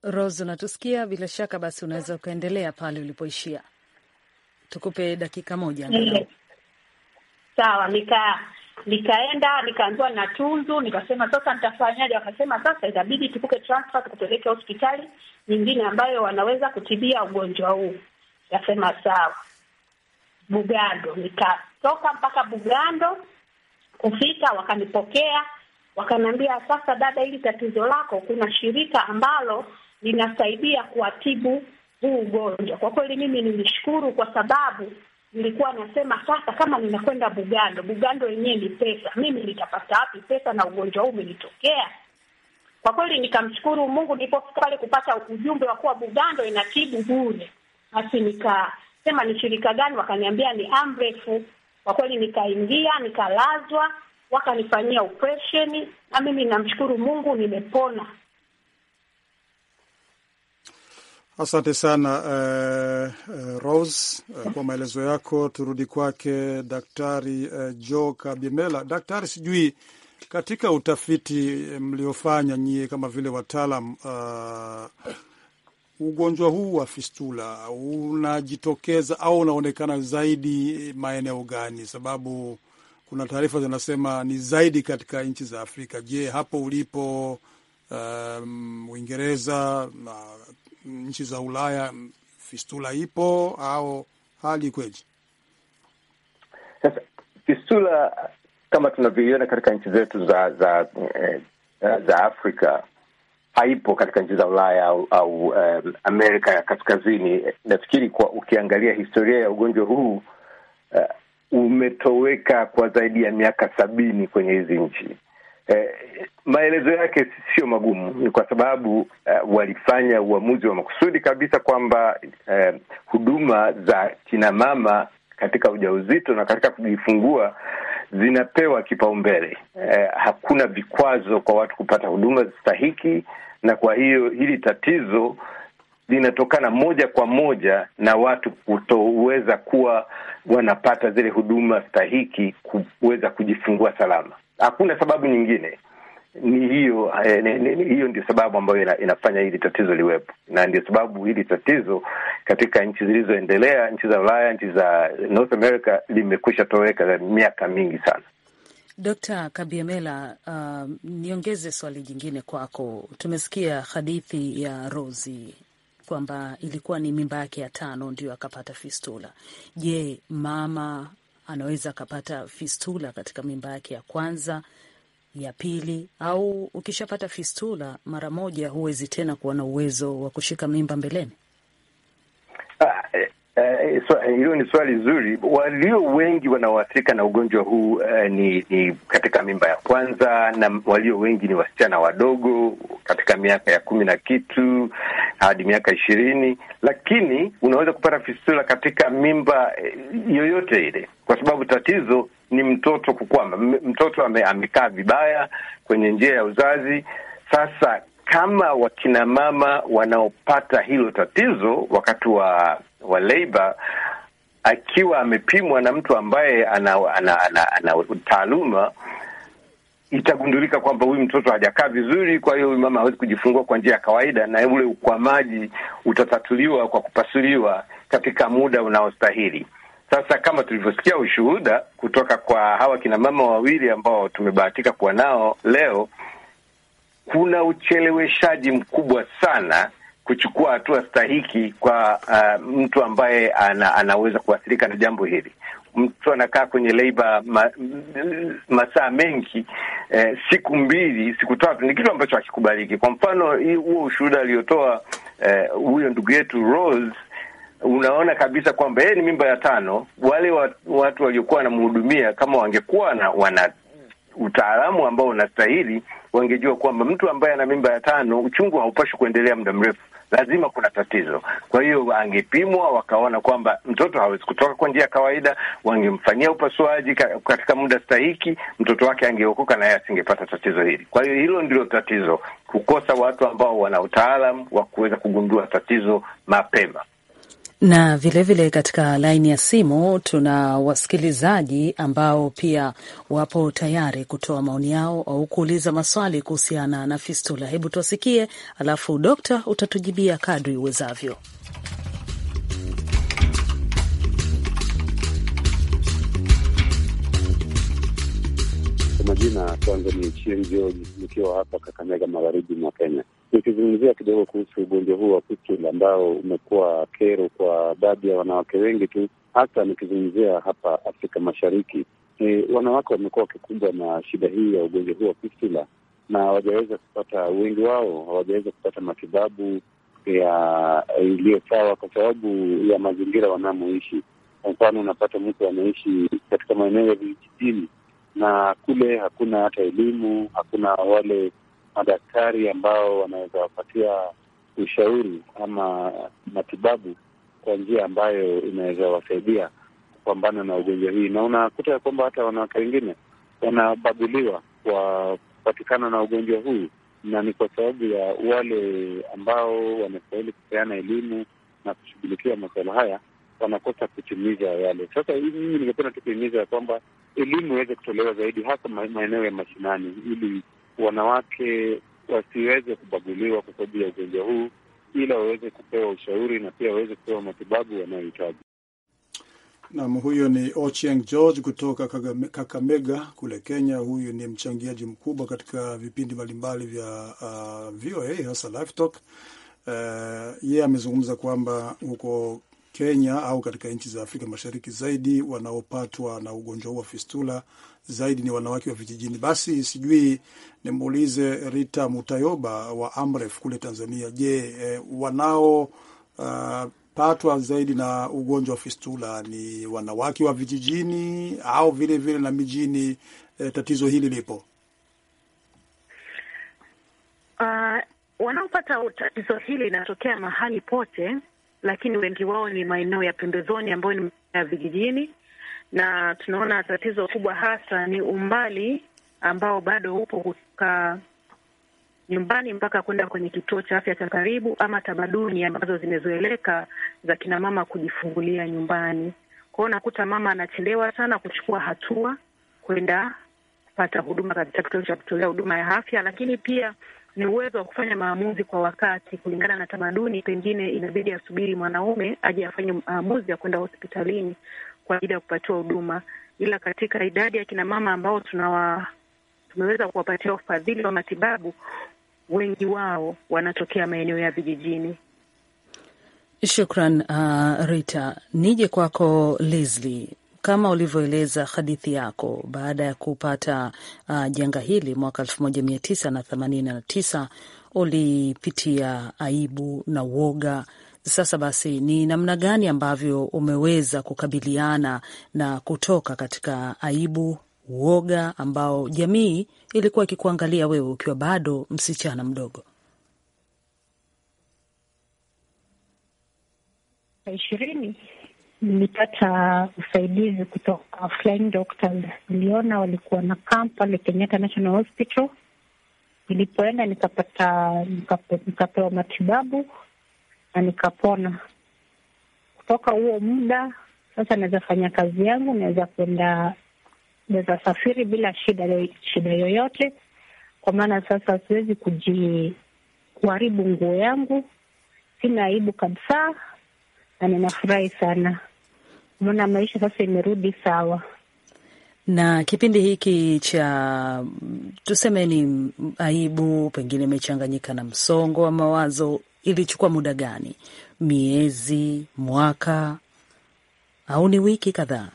S2: Rose, unatusikia bila shaka, basi unaweza ukaendelea pale ulipoishia. Tukupe dakika moja mm.
S1: Sawa, nika nikaenda nikaambiwa na tunzu, nikasema sasa nitafanyaje? Wakasema sasa itabidi tukupe transfer, tukupeleke hospitali nyingine ambayo wanaweza kutibia ugonjwa huu. Nikasema sawa. Bugando. Nikatoka mpaka Bugando, kufika wakanipokea, wakaniambia, sasa dada, hili tatizo lako, kuna shirika ambalo linasaidia kuwatibu huu ugonjwa. Kwa kweli mimi nilishukuru kwa sababu nilikuwa nasema sasa, kama ninakwenda Bugando, Bugando yenyewe ni pesa, mimi nitapata wapi pesa na ugonjwa huu umenitokea? Kwa kweli nikamshukuru Mungu nilipofika pale kupata ujumbe wa kuwa Bugando inatibu bure, basi nika sema ni shirika gani, wakaniambia ni Amrefu. Kwa kweli nikaingia, nikalazwa, wakanifanyia operesheni na mimi namshukuru Mungu
S6: nimepona.
S3: Asante sana uh, uh, Rose uh, kwa maelezo yako. Turudi kwake Daktari uh, Joe Kabimela. Daktari, sijui katika utafiti mliofanya nyie kama vile wataalam uh, ugonjwa huu wa fistula unajitokeza au unaonekana zaidi maeneo gani? Sababu kuna taarifa zinasema ni zaidi katika nchi za Afrika. Je, hapo ulipo um, Uingereza na nchi za Ulaya fistula ipo au hali kweji
S4: Sasa fistula kama tunavyoiona katika nchi zetu za za, eh, za Afrika haipo katika nchi za Ulaya au, au um, Amerika ya Kaskazini. Nafikiri kwa ukiangalia historia ya ugonjwa huu uh, umetoweka kwa zaidi ya miaka sabini kwenye hizi nchi. Eh, maelezo yake sio magumu, ni kwa sababu uh, walifanya uamuzi wa makusudi kabisa kwamba uh, huduma za kinamama katika ujauzito na katika kujifungua zinapewa kipaumbele. Eh, hakuna vikwazo kwa watu kupata huduma stahiki, na kwa hiyo hili tatizo linatokana moja kwa moja na watu kutoweza kuwa wanapata zile huduma stahiki kuweza kujifungua salama. Hakuna sababu nyingine. Ni hiyo eh, hiyo ndio sababu ambayo ina, inafanya hili tatizo liwepo, na ndio sababu hili tatizo katika nchi zilizoendelea, nchi za Ulaya, nchi za North America limekwisha toweka miaka mingi sana.
S2: Dr. Kabiemela, uh, um, niongeze swali jingine kwako. Tumesikia hadithi ya rosi kwamba ilikuwa ni mimba yake ya tano ndio akapata fistula. Je, mama anaweza akapata fistula katika mimba yake ya kwanza ya pili, au ukishapata fistula mara moja huwezi tena kuwa na uwezo wa kushika mimba mbeleni?
S4: Ah, eh, eh, eh, hilo uh, uh, ni swali zuri. Walio wengi wanaoathirika na ugonjwa huu uh, ni, ni katika mimba ya kwanza, na walio wengi ni wasichana wadogo katika miaka ya kumi na kitu hadi miaka ishirini, lakini unaweza kupata fistula katika mimba yoyote ile, kwa sababu tatizo ni mtoto kukwama, mtoto ame, amekaa vibaya kwenye njia ya uzazi. Sasa kama wakina mama wanaopata hilo tatizo wakati wa wa leiba akiwa amepimwa na mtu ambaye ana, ana, ana, ana, ana taaluma itagundulika kwamba huyu mtoto hajakaa vizuri, kwa hiyo huyu mama hawezi kujifungua kwa njia ya kawaida, na ule ukwamaji utatatuliwa kwa kupasuliwa katika muda unaostahili. Sasa kama tulivyosikia ushuhuda kutoka kwa hawa kina mama wawili ambao tumebahatika kuwa nao leo, kuna ucheleweshaji mkubwa sana kuchukua hatua stahiki kwa uh, mtu ambaye ana, anaweza kuathirika na jambo hili. Mtu anakaa kwenye leiba ma, masaa mengi eh, siku mbili siku tatu ni kitu ambacho hakikubaliki. Kwa mfano huo ushuhuda aliotoa eh, huyo ndugu yetu Rose unaona kabisa kwamba yeye ni mimba ya tano. Wale watu, watu waliokuwa wanamhudumia kama wangekuwa na wana utaalamu ambao unastahili, wangejua kwamba mtu ambaye ana mimba ya tano, uchungu haupashi kuendelea muda mrefu, lazima kuna tatizo. Kwa hiyo angepimwa, wakaona kwamba mtoto hawezi kutoka kwa njia ya kawaida, wangemfanyia upasuaji katika muda stahiki, mtoto wake angeokoka naye asingepata tatizo hili. Kwa hiyo hilo ndilo tatizo, kukosa watu ambao wana utaalam wa kuweza kugundua tatizo mapema
S2: na vilevile vile katika laini ya simu tuna wasikilizaji ambao pia wapo tayari kutoa maoni yao au kuuliza maswali kuhusiana na fistula. Hebu tuwasikie, alafu dokta, utatujibia kadri uwezavyo.
S7: Kwa majina, kwanza ni Chieng George nikiwa hapa Kakamega, magharibi mwa Kenya, nikizungumzia kidogo kuhusu ugonjwa huu wa pistol ambao umekuwa kero kwa baadhi ya wanawake wengi tu, hasa nikizungumzia hapa Afrika Mashariki. E, wanawake wamekuwa wakikumbwa na shida hii ya ugonjwa huu wa pistula na hawajaweza kupata, wengi wao hawajaweza kupata matibabu ya iliyo sawa kwa sababu ya mazingira wanamoishi. Kwa mfano, unapata mtu anaishi katika maeneo ya
S4: vijijini
S7: na kule hakuna hata elimu, hakuna wale madaktari ambao wanaweza wapatia ushauri ama matibabu kwa njia ambayo inaweza wasaidia kupambana na ugonjwa hii, na unakuta ya kwamba hata wanawake wengine wanabaguliwa kwa kupatikana na ugonjwa huu, na ni kwa sababu ya wale ambao wanastahili kupeana elimu na kushughulikia masuala haya wanakosa kutimiza yale. Sasa mimi ningependa tu kuhimiza ya kwamba elimu iweze kutolewa zaidi, hasa maeneo ya mashinani, ili wanawake wasiweze kubaguliwa kwa sababu ya ugonjwa huu, ila waweze kupewa ushauri na pia waweze kupewa matibabu wanayohitaji.
S3: Nam, huyo ni Ochieng George kutoka Kakamega kule Kenya. Huyu ni mchangiaji mkubwa katika vipindi mbalimbali vya uh, VOA hasa Live Talk. Uh, yeye amezungumza kwamba huko Kenya au katika nchi za Afrika Mashariki zaidi wanaopatwa na ugonjwa huu wa fistula zaidi ni wanawake wa vijijini. Basi sijui nimuulize Rita Mutayoba wa Amref kule Tanzania. Je, eh, wanaopatwa ah, uh, zaidi na ugonjwa wa fistula ni wanawake wa vijijini au vile vile na mijini? Eh, tatizo hili lipo
S5: uh, wanaopata tatizo hili linatokea mahali pote lakini wengi wao ni maeneo ya pembezoni ambayo ni ya vijijini, na tunaona tatizo kubwa hasa ni umbali ambao bado upo kutoka nyumbani mpaka kwenda kwenye kituo cha afya cha karibu, ama tamaduni ambazo zimezoeleka za kina mama kujifungulia nyumbani. Kwao nakuta mama anachelewa sana kuchukua hatua kwenda kupata huduma katika kituo cha kutolea huduma ya afya, lakini pia ni uwezo wa kufanya maamuzi kwa wakati. Kulingana na tamaduni, pengine inabidi asubiri mwanaume aje afanye maamuzi ya kwenda hospitalini kwa ajili ya kupatiwa huduma, ila katika idadi ya kina mama ambao tunawa tumeweza kuwapatia ufadhili wa matibabu, wengi wao wanatokea maeneo ya vijijini.
S2: Shukran uh, Rita, nije kwako Leslie kama ulivyoeleza hadithi yako, baada ya kupata uh, janga hili mwaka elo9na tisa ulipitia aibu na uoga. Sasa basi, ni namna gani ambavyo umeweza kukabiliana na kutoka katika aibu, uoga ambao jamii ilikuwa ikikuangalia wewe ukiwa bado msichana mdogo?
S1: ishirini nilipata usaidizi kutoka Flying Doctors. Niliona walikuwa na camp pale Kenyatta National Hospital. Nilipoenda nikapata nikape, nikapewa matibabu na nikapona. Kutoka huo muda sasa naweza fanya kazi yangu, naweza kwenda, naweza safiri bila shida shida yoyote, kwa maana sasa siwezi kuji kuharibu nguo yangu. Sina aibu kabisa na ninafurahi sana naona maisha sasa imerudi sawa
S2: na kipindi hiki cha tuseme ni aibu, pengine imechanganyika na msongo wa mawazo, ilichukua muda gani? Miezi, mwaka, au ni wiki kadhaa?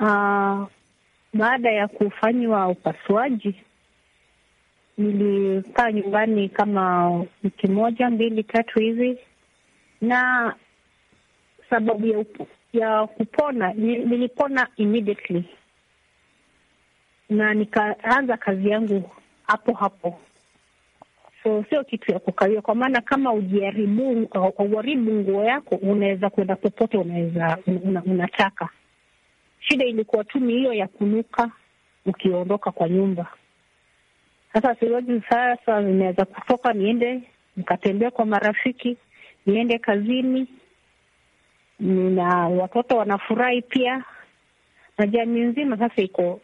S1: Uh, baada ya kufanyiwa upasuaji nilikaa nyumbani kama wiki moja mbili tatu hivi, na sababu ya upu, ya kupona nilipona immediately na nikaanza kazi yangu hapo hapo. So sio kitu ya kukawia, kwa maana kama ujiharibu uharibu nguo yako, unaweza kwenda popote unaweza una, unataka. Shida ilikuwa tu ni hiyo ya kunuka ukiondoka kwa nyumba. Sasa siwezi sasa, inaweza kutoka niende nikatembea kwa marafiki, niende kazini na watoto wanafurahi pia, na jamii nzima sasa iko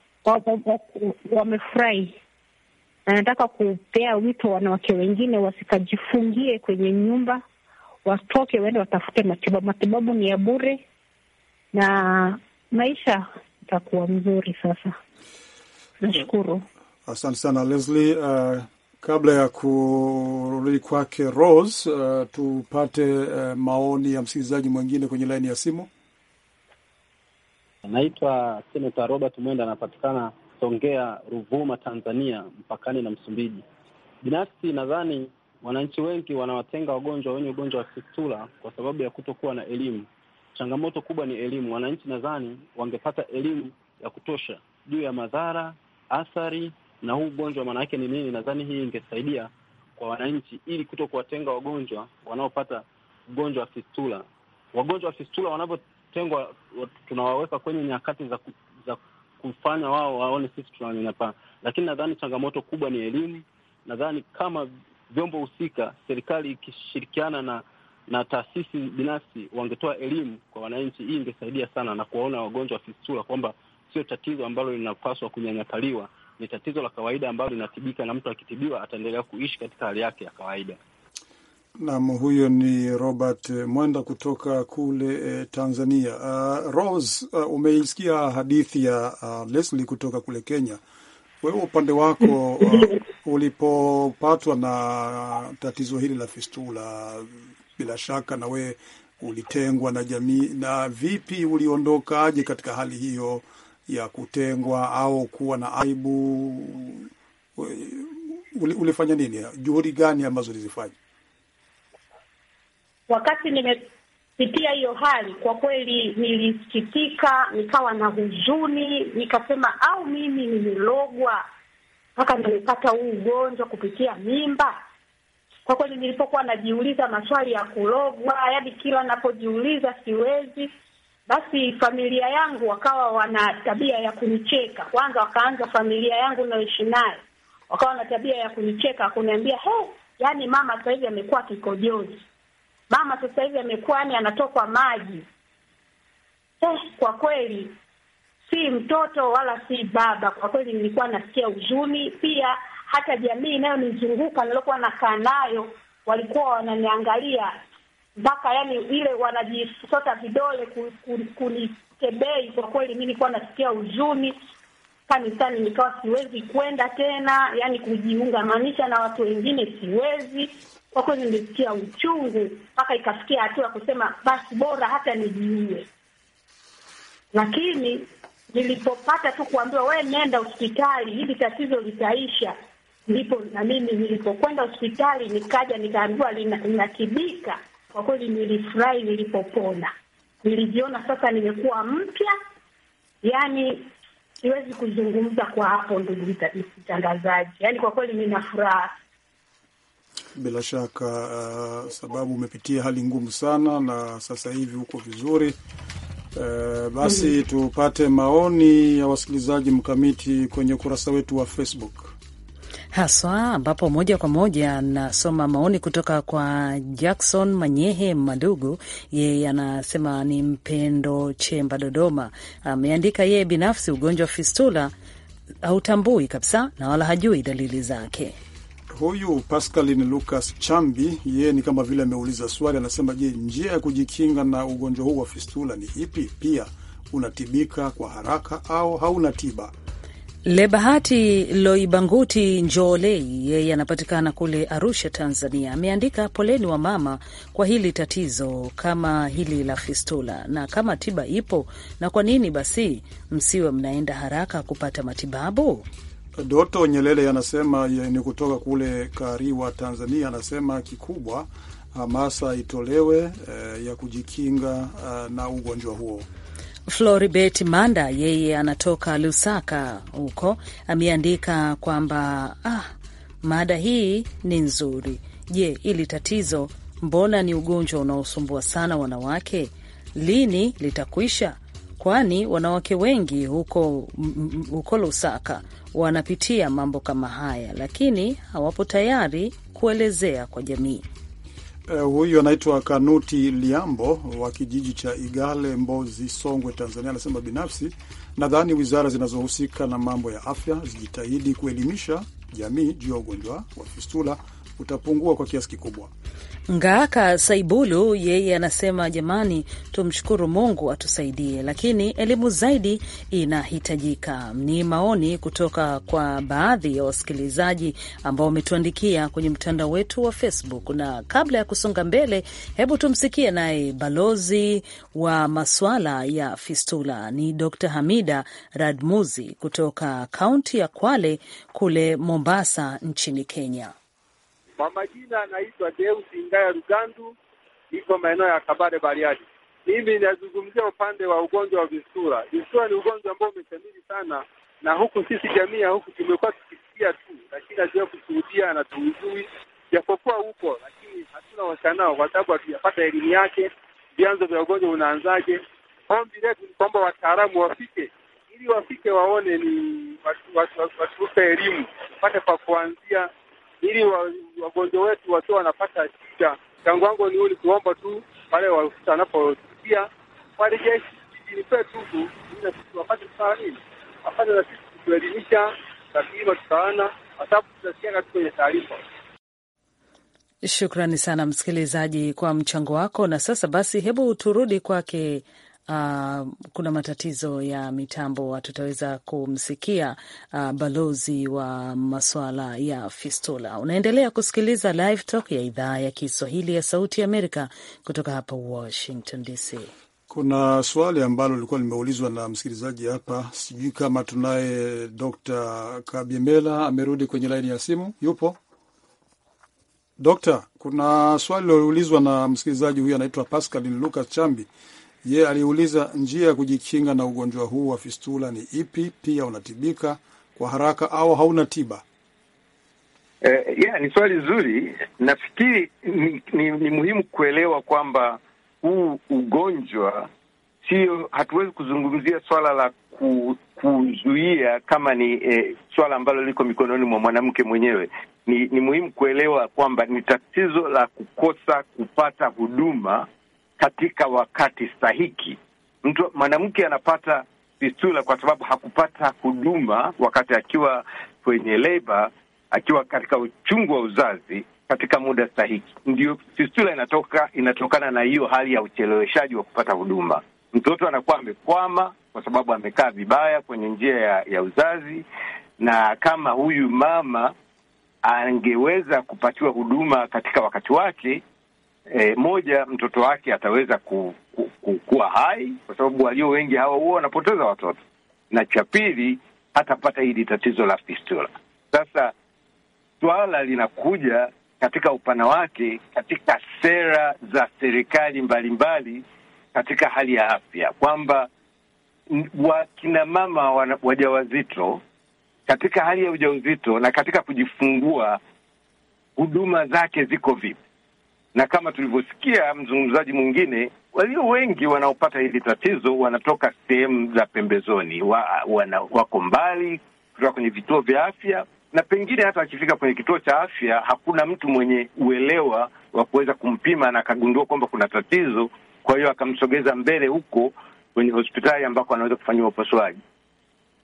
S1: wamefurahi. Na nataka kupea wito wanawake wengine wasikajifungie kwenye nyumba, watoke waende watafute matibabu. Matibabu ni ya bure na maisha itakuwa mzuri. Sasa nashukuru,
S3: asante sana Leslie. Uh, Kabla ya kurudi kwake Rose, uh, tupate uh, maoni ya msikilizaji mwingine kwenye laini ya simu. anaitwa
S6: Seneta Robert Mwenda, anapatikana Songea, Ruvuma, Tanzania, mpakani na Msumbiji. Binafsi nadhani wananchi wengi wanawatenga wagonjwa wenye ugonjwa wa fistula kwa sababu ya kutokuwa na elimu. Changamoto kubwa ni elimu. Wananchi nadhani wangepata elimu ya kutosha juu ya madhara, athari na huu ugonjwa maana yake ni nini. Nadhani hii ingesaidia kwa wananchi, ili kuto kuwatenga wagonjwa wanaopata ugonjwa wa fistula. Wagonjwa wa fistula wanavyotengwa, tunawaweka kwenye nyakati za, ku, za kufanya wao waone sisi tunanyanyapaa, lakini nadhani changamoto kubwa ni elimu. Nadhani kama vyombo husika, serikali ikishirikiana na na taasisi binafsi wangetoa elimu kwa wananchi, hii ingesaidia sana na kuwaona wagonjwa wa fistula kwamba sio tatizo ambalo linapaswa kunyanyapaliwa ni tatizo la kawaida ambalo linatibika, na mtu akitibiwa ataendelea kuishi katika hali yake ya kawaida.
S3: Nam, huyo ni Robert Mwenda kutoka kule eh, Tanzania. Uh, Rose, uh, umeisikia hadithi ya uh, Leslie kutoka kule Kenya. Wewe upande wako, uh, ulipopatwa na tatizo hili la fistula, bila shaka na ulitengwa na jamii, na vipi uliondokaje katika hali hiyo? ya kutengwa au kuwa na aibu?
S1: Ulifanya nini?
S3: Juhudi gani ambazo ulizifanya
S1: wakati nimepitia hiyo hali? Kwa kweli nilisikitika, nikawa na huzuni, nikasema au mimi nimelogwa mpaka nimepata huu ugonjwa kupitia mimba? Kwa kweli nilipokuwa najiuliza maswali ya kulogwa, yaani kila napojiuliza siwezi basi familia yangu wakawa wana tabia ya kunicheka kwanza, wakaanza familia yangu naoishi naye wakawa na tabia ya kunicheka kuniambia, he, yani mama sasa hivi amekuwa kikojozi, mama sasa hivi amekuwa yani anatokwa maji. He, kwa kweli si mtoto wala si baba, kwa kweli nilikuwa nasikia huzuni pia. Hata jamii inayonizunguka nilokuwa nakaa nayo walikuwa wananiangalia mpaka yani ile wanajisota vidole kunitebei Kwa kweli mi nilikuwa nasikia huzuni kanisani, nikawa siwezi kwenda tena, yani kujiunga maanisha na watu wengine siwezi. Kwa kweli nilisikia uchungu mpaka ikafikia hatua kusema basi bora hata nijiue, lakini nilipopata tu kuambiwa we nenda hospitali, hili tatizo litaisha, ndipo na mimi nilipokwenda hospitali nikaja nikaambiwa linatibika lina kwa kweli nilifurahi nilipopona, nilijiona sasa nimekuwa mpya, yani siwezi kuzungumza kwa hapo, ndugu mtangazaji, yani kwa kweli nina furaha.
S3: Bila shaka uh, sababu umepitia hali ngumu sana na sasa hivi uko vizuri. Uh, basi mm, tupate maoni ya wasikilizaji mkamiti kwenye ukurasa wetu wa Facebook
S2: haswa, ambapo moja kwa moja nasoma maoni kutoka kwa Jackson Manyehe Madugu. Yeye anasema ni Mpendo Chemba, Dodoma. Ameandika yeye binafsi ugonjwa wa fistula hautambui kabisa na wala hajui dalili zake.
S3: Huyu Pascalin Lucas Chambi yeye ni kama vile ameuliza swali, anasema je, njia ya kujikinga na ugonjwa huu wa fistula ni ipi? Pia unatibika kwa haraka au hauna tiba?
S2: Lebahati Loibanguti Njoolei, yeye anapatikana kule Arusha, Tanzania, ameandika poleni wa mama kwa hili tatizo kama hili la fistula, na kama tiba ipo, na kwa nini basi msiwe mnaenda haraka kupata matibabu?
S3: Doto Nyelele anasema ni kutoka kule Kariwa, Tanzania, anasema kikubwa hamasa itolewe eh, ya kujikinga eh, na ugonjwa huo
S2: floribet Manda yeye anatoka Lusaka huko, ameandika kwamba ah, mada hii ni nzuri. Je, ili tatizo mbona ni ugonjwa unaosumbua sana wanawake, lini litakwisha? Kwani wanawake wengi huko, huko Lusaka wanapitia mambo kama haya, lakini hawapo tayari kuelezea kwa jamii.
S3: Eh, huyu anaitwa Kanuti Liambo wa kijiji cha Igale, Mbozi, Songwe, Tanzania. Anasema binafsi, nadhani wizara zinazohusika na mambo ya afya zijitahidi kuelimisha jamii juu ya ugonjwa wa fistula, utapungua kwa kiasi kikubwa.
S2: Ngaaka Saibulu yeye anasema jamani, tumshukuru Mungu atusaidie, lakini elimu zaidi inahitajika. Ni maoni kutoka kwa baadhi ya wasikilizaji ambao wametuandikia kwenye mtandao wetu wa Facebook. Na kabla ya kusonga mbele, hebu tumsikie naye balozi wa maswala ya fistula ni Dr. Hamida Radmuzi kutoka kaunti ya Kwale kule Mombasa nchini Kenya.
S6: Kwa majina anaitwa Deus Ngaya Rugandu, iko maeneo ya Kabare, Bariadi. Mimi nazungumzia upande wa ugonjwa wa visura. Visura ni ugonjwa ambao umeshamiri sana, na huku sisi jamii ya huku tumekuwa tukisikia tu, lakini hatujawahi kushuhudia na tuujui, japokuwa huko, lakini hatuna wasanao kwa sababu hatujapata elimu yake, vyanzo vya ugonjwa unaanzaje. Ombi letu ni kwamba wataalamu wafike, ili wafike waone, ni watupe elimu, tupate pa kuanzia ili wagonjwa wetu wakiwa wanapata shida. Tangu wangu ni ni kuomba tu pale wanapofikia warejeshi jijini kwetu huku, wapate kufanya nini, wapate na sisi kutuelimisha, takriba tutaana, kwa sababu tunasikia kwenye
S4: taarifa.
S2: Shukrani sana msikilizaji kwa mchango wako, na sasa basi, hebu turudi kwake uh, kuna matatizo ya mitambo, hatutaweza kumsikia uh, balozi wa masuala ya fistula. Unaendelea kusikiliza Live Talk ya idhaa ya Kiswahili ya Sauti ya Amerika kutoka hapa Washington DC.
S3: Kuna swali ambalo lilikuwa limeulizwa na msikilizaji hapa, sijui kama tunaye Dr. kabimela amerudi kwenye laini ya simu. Yupo Dokta, kuna swali liloulizwa na msikilizaji huyu anaitwa Pascal Lucas Chambi ye aliuliza njia ya kujikinga na ugonjwa huu wa fistula ni ipi? Pia unatibika kwa haraka au hauna tiba?
S4: Eh, yeah, ni swali zuri. Nafikiri ni, ni, ni muhimu kuelewa kwamba huu ugonjwa sio, hatuwezi kuzungumzia swala la ku, kuzuia kama ni eh, swala ambalo liko mikononi mwa mwanamke mwenyewe. Ni, ni muhimu kuelewa kwamba ni tatizo la kukosa kupata huduma katika wakati stahiki. Mtu mwanamke anapata fistula kwa sababu hakupata huduma wakati akiwa kwenye leba, akiwa katika uchungu wa uzazi katika muda stahiki. ndio fistula inatoka, inatokana na hiyo hali ya ucheleweshaji wa kupata huduma. Mtoto anakuwa amekwama kwa sababu amekaa vibaya kwenye njia ya, ya uzazi, na kama huyu mama angeweza kupatiwa huduma katika wakati wake, e, moja mtoto wake ataweza ku, ku, ku, kuwa hai kwa sababu walio wengi hawa huwa wanapoteza watoto, na cha pili hatapata hili tatizo la fistula. Sasa swala linakuja katika upana wake katika sera za serikali mbalimbali katika hali ya afya kwamba wakina mama wajawazito katika hali ya ujauzito na katika kujifungua huduma zake ziko vipi? na kama tulivyosikia mzungumzaji mwingine, walio wengi wanaopata hili tatizo wanatoka sehemu za pembezoni, wa, wana, wako mbali kutoka kwenye vituo vya afya, na pengine hata akifika kwenye kituo cha afya hakuna mtu mwenye uelewa wa kuweza kumpima na akagundua kwamba kuna tatizo, kwa hiyo akamsogeza mbele huko kwenye hospitali ambako anaweza kufanyiwa upasuaji.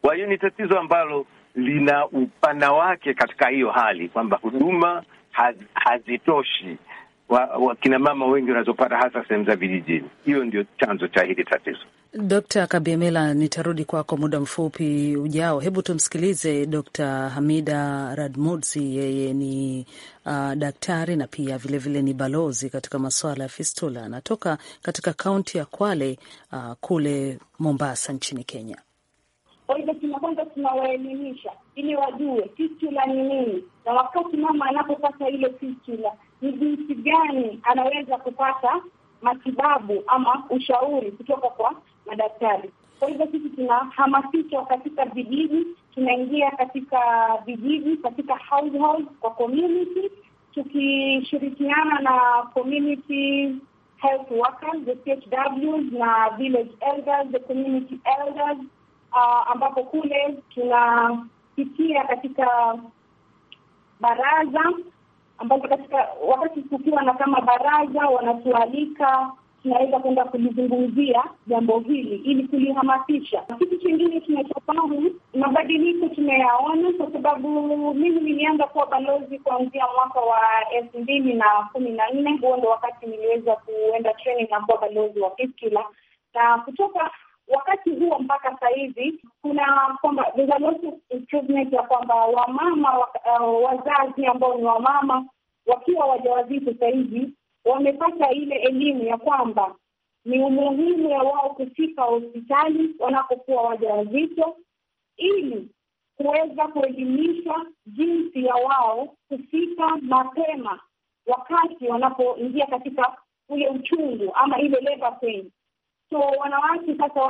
S4: Kwa hiyo ni tatizo ambalo lina upana wake katika hiyo hali kwamba huduma haz, hazitoshi wakinamama wa wengi wanazopata hasa sehemu za vijijini. Hiyo ndio chanzo cha hili tatizo.
S2: Dkt. Kabiamela, nitarudi kwako muda mfupi ujao. Hebu tumsikilize d Hamida Radmudzi, yeye ni uh, daktari na pia vilevile vile ni balozi katika masuala ya fistula. Anatoka katika kaunti ya Kwale uh, kule Mombasa nchini Kenya
S1: kwanza tunawaelimisha ili wajue fistula ni nini, na wakati mama anapopata ile fistula ni jinsi gani anaweza kupata matibabu ama ushauri kutoka kwa madaktari. Kwa hivyo sisi tunahamasisha katika vijiji, tunaingia katika vijiji, katika household, kwa community, tukishirikiana na community health workers, the CHWs na village elders, the community elders uh, ambapo kule tunapitia katika baraza ambapo katika wakati kukiwa na kama baraza wanatualika, tunaweza kwenda kulizungumzia jambo hili ili kulihamasisha. Kitu kingine tunachofahamu, mabadiliko tumeyaona, kwa sababu mimi nilianza kuwa balozi kuanzia mwaka wa elfu mbili na kumi na nne. Huo ndo wakati niliweza kuenda training na kuwa balozi wa Piskila na kutoka wakati huo mpaka sasa hivi kuna kwamba ya kwamba wamama uh, wazazi ambao ni wamama wakiwa wajawazito sasa hivi wamepata ile elimu ya kwamba ni umuhimu ya wao kufika hospitali wanapokuwa wajawazito ili kuweza kuelimisha jinsi ya wao kufika mapema wakati wanapoingia katika ule uchungu ama ile labor pain So wanawake sasa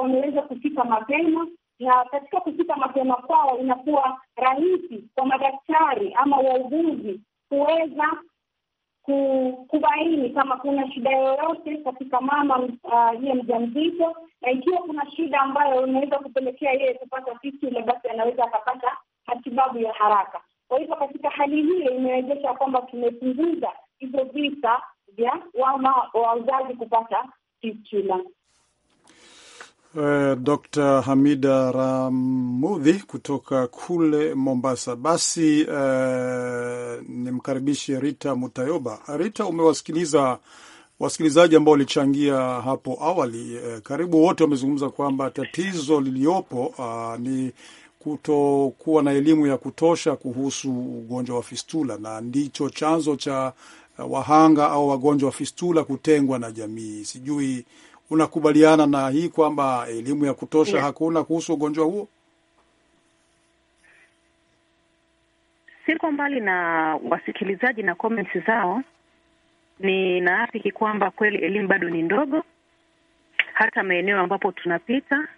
S1: wameweza kufika mapema, na katika kufika mapema kwao inakuwa rahisi kwa madaktari ama wauguzi kuweza kubaini kama kuna shida yoyote katika mama uh, yeye uh, mjamzito, na ikiwa kuna shida ambayo unaweza kupelekea yeye kupata fistula, basi anaweza akapata matibabu ya haraka. Kwa hivyo katika hali hiyo imewezesha kwamba tumepunguza hizo visa vya wama wa kupata fistula.
S3: Uh, eh, Dr. Hamida Ramudhi kutoka kule Mombasa. Basi uh, nimkaribishe Rita Mutayoba. Rita, umewasikiliza wasikilizaji ambao walichangia hapo awali. Uh, karibu wote wamezungumza kwamba tatizo liliyopo uh, ah, ni kutokuwa na elimu ya kutosha kuhusu ugonjwa wa fistula na ndicho chanzo cha Eh, wahanga au wagonjwa wa fistula kutengwa na jamii. Sijui unakubaliana na hii kwamba elimu ya kutosha yeah, hakuna kuhusu ugonjwa huo?
S5: Siko mbali na wasikilizaji na comments zao. Ninaafiki kwamba kweli elimu bado ni ndogo, hata maeneo ambapo tunapita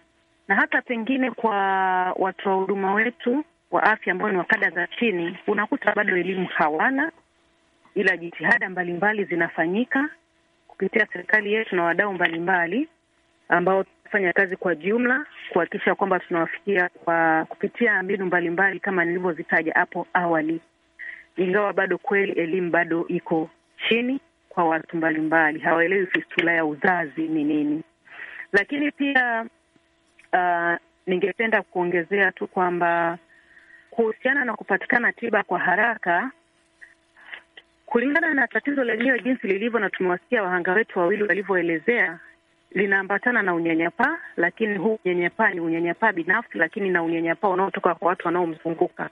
S5: na hata pengine kwa watoa huduma wetu wa afya ambao ni wakada za chini, unakuta bado elimu hawana ila jitihada mbalimbali zinafanyika kupitia serikali yetu na wadau mbalimbali ambao tunafanya kazi kwa jumla kuhakikisha kwamba tunawafikia kwa kupitia mbinu mbalimbali kama nilivyozitaja hapo awali, ingawa bado kweli elimu bado iko chini kwa watu mbalimbali, hawaelewi fistula ya uzazi ni nini. Lakini pia uh, ningependa kuongezea tu kwamba kuhusiana na kupatikana tiba kwa haraka kulingana na tatizo lenyewe jinsi lilivyo, na tumewasikia wahanga wetu wawili walivyoelezea, linaambatana na unyanyapaa, lakini huu unyanyapaa ni unyanyapaa binafsi, lakini na unyanyapaa unaotoka kwa watu wanaomzunguka.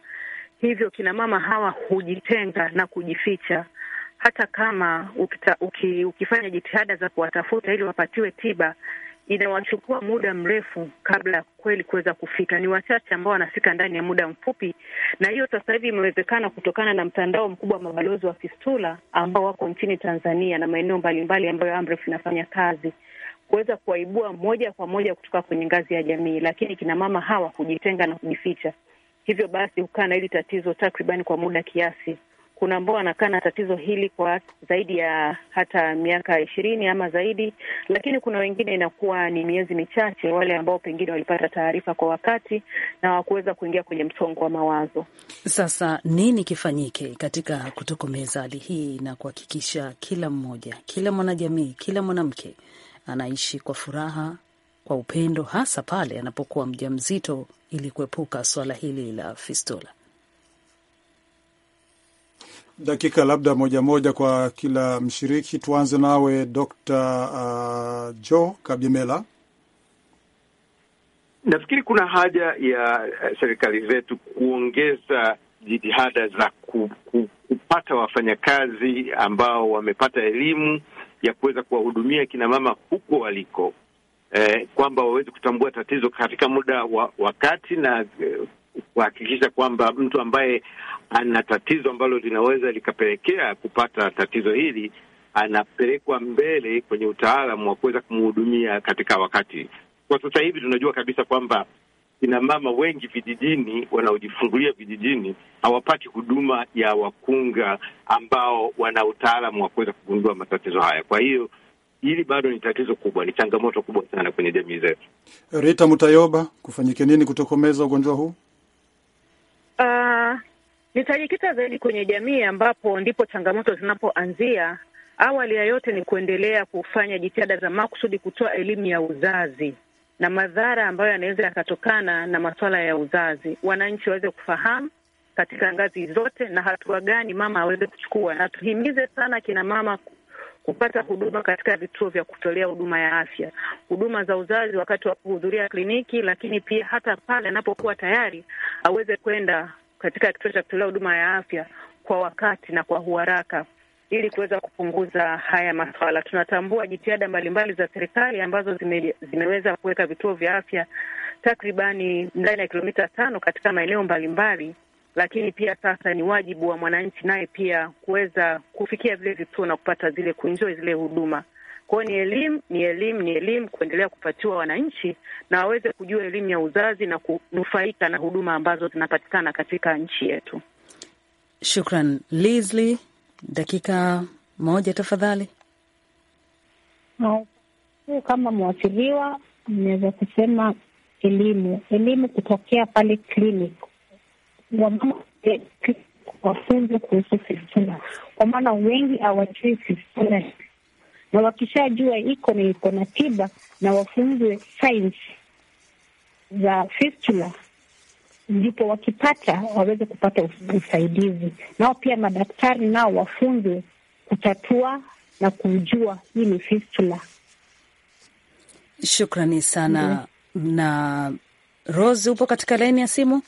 S5: Hivyo kina mama hawa hujitenga na kujificha, hata kama ukita, uki, ukifanya jitihada za kuwatafuta ili wapatiwe tiba, inawachukua muda mrefu kabla ya kweli kuweza kufika. Ni wachache ambao wanafika ndani ya muda mfupi, na hiyo sasa hivi imewezekana kutokana na mtandao mkubwa wa mabalozi wa fistula ambao wako nchini Tanzania na maeneo mbalimbali ambayo Amref inafanya kazi kuweza kuwaibua moja kwa moja kutoka kwenye ngazi ya jamii, lakini kina mama hawa hujitenga na kujificha, hivyo basi hukaa na hili tatizo takribani kwa muda kiasi kuna ambao wanakaa na tatizo hili kwa zaidi ya hata miaka ishirini ama zaidi, lakini kuna wengine inakuwa ni miezi michache, wale ambao pengine walipata taarifa kwa wakati na wakuweza kuingia kwenye msongo wa mawazo.
S2: Sasa nini kifanyike katika kutokomeza hali hii na kuhakikisha kila mmoja, kila mwanajamii, kila mwanamke anaishi kwa furaha, kwa upendo, hasa pale anapokuwa mja mzito ili kuepuka swala hili la fistula?
S3: dakika labda moja moja kwa kila mshiriki. Tuanze nawe Dr. uh, Joe Kabimela.
S4: Nafikiri kuna haja ya uh, serikali zetu kuongeza jitihada za kupata wafanyakazi ambao wamepata elimu ya kuweza kuwahudumia kina mama huko waliko, eh, kwamba waweze kutambua tatizo katika muda wa wakati na eh, kuhakikisha kwamba mtu ambaye ana tatizo ambalo linaweza likapelekea kupata tatizo hili anapelekwa mbele kwenye utaalamu wa kuweza kumhudumia katika wakati. Kwa sasa hivi tunajua kabisa kwamba kina mama wengi vijijini wanaojifungulia vijijini hawapati huduma ya wakunga ambao wana utaalamu wa kuweza kugundua matatizo haya. Kwa hiyo hili bado ni tatizo kubwa, ni changamoto kubwa sana kwenye jamii zetu.
S3: Rita Mutayoba, kufanyike nini kutokomeza ugonjwa huu?
S5: Uh, nitajikita zaidi kwenye jamii ambapo ndipo changamoto zinapoanzia. Awali ya yote ni kuendelea kufanya jitihada za makusudi kutoa elimu ya uzazi na madhara ambayo yanaweza yakatokana na masuala ya uzazi, wananchi waweze kufahamu katika ngazi zote, na hatua gani mama aweze kuchukua, na tuhimize sana kina mama kupata huduma katika vituo vya kutolea huduma ya afya, huduma za uzazi wakati wa kuhudhuria kliniki, lakini pia hata pale anapokuwa tayari aweze kwenda katika kituo cha kutolea huduma ya afya kwa wakati na kwa uharaka ili kuweza kupunguza haya maswala. Tunatambua jitihada mbalimbali za serikali ambazo zime, zimeweza kuweka vituo vya afya takribani ndani ya kilomita tano katika maeneo mbalimbali lakini pia sasa ni wajibu wa mwananchi naye pia kuweza kufikia vile vituo na kupata zile kuenjoy zile huduma. Kwao ni elimu, ni elimu, ni elimu kuendelea kupatiwa wananchi na waweze kujua elimu ya uzazi na kunufaika na huduma ambazo zinapatikana katika nchi yetu.
S2: Shukran Leslie, dakika moja tafadhali.
S1: Kama mwathiriwa, naweza kusema elimu, elimu kutokea pale clinic wamama wafunzwe kuhusu fistula, kwa maana wengi hawajui fistula, na wakishajua iko na iko na tiba, na wafunzwe sainsi za fistula, ndipo wakipata waweze kupata usaidizi. Nao pia madaktari nao wafunzwe kutatua na kujua hii ni fistula.
S2: Shukrani sana. Mm. Na Rose, upo katika laini ya simu?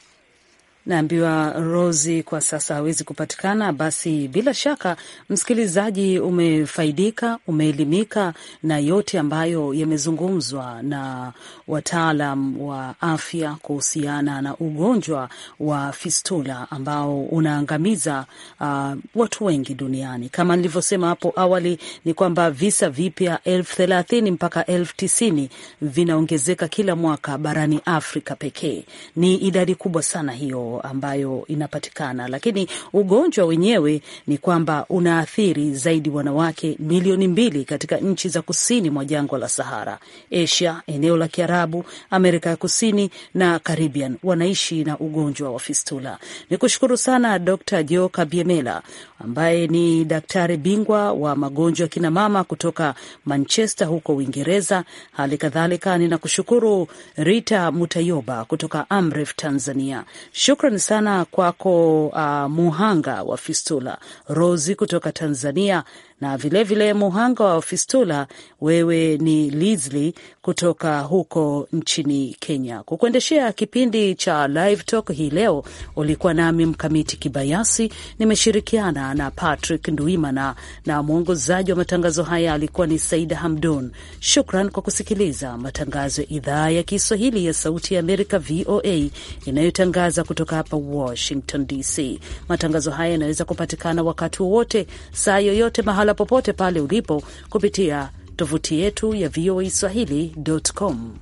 S2: naambiwa Rosi kwa sasa hawezi kupatikana. Basi bila shaka, msikilizaji, umefaidika, umeelimika na yote ambayo yamezungumzwa na wataalam wa afya kuhusiana na ugonjwa wa fistula ambao unaangamiza uh, watu wengi duniani. Kama nilivyosema hapo awali, ni kwamba visa vipya elfu thelathini mpaka elfu tisini vinaongezeka kila mwaka barani Afrika pekee. Ni idadi kubwa sana hiyo ambayo inapatikana, lakini ugonjwa wenyewe ni kwamba unaathiri zaidi wanawake milioni mbili katika nchi za kusini mwa jangwa la Sahara, Asia, eneo la Kiarabu, Amerika ya Kusini na Caribbean wanaishi na ugonjwa wa fistula. Ni kushukuru sana Dr. Jo Kabiemela ambaye ni daktari bingwa wa magonjwa ya kinamama kutoka Manchester huko Uingereza. Hali kadhalika ninakushukuru Rita Mutayoba kutoka Amref Tanzania. Shuk Shukran sana kwako, uh, Muhanga wa Fistula Rosi kutoka Tanzania na vilevile vile muhanga wa fistula, wewe ni Lizli kutoka huko nchini Kenya. Kukuendeshea kipindi cha Live Talk hii leo ulikuwa nami Mkamiti Kibayasi, nimeshirikiana na Patrick Nduimana na mwongozaji wa matangazo haya alikuwa ni Saida Hamdun. Shukran kwa kusikiliza matangazo ya idhaa ya Kiswahili ya Sauti ya Amerika, VOA, inayotangaza kutoka hapa Washington DC. Matangazo haya yanaweza kupatikana wakati wowote, saa yoyote, mahala mahala popote pale ulipo kupitia tovuti yetu ya voa swahilicom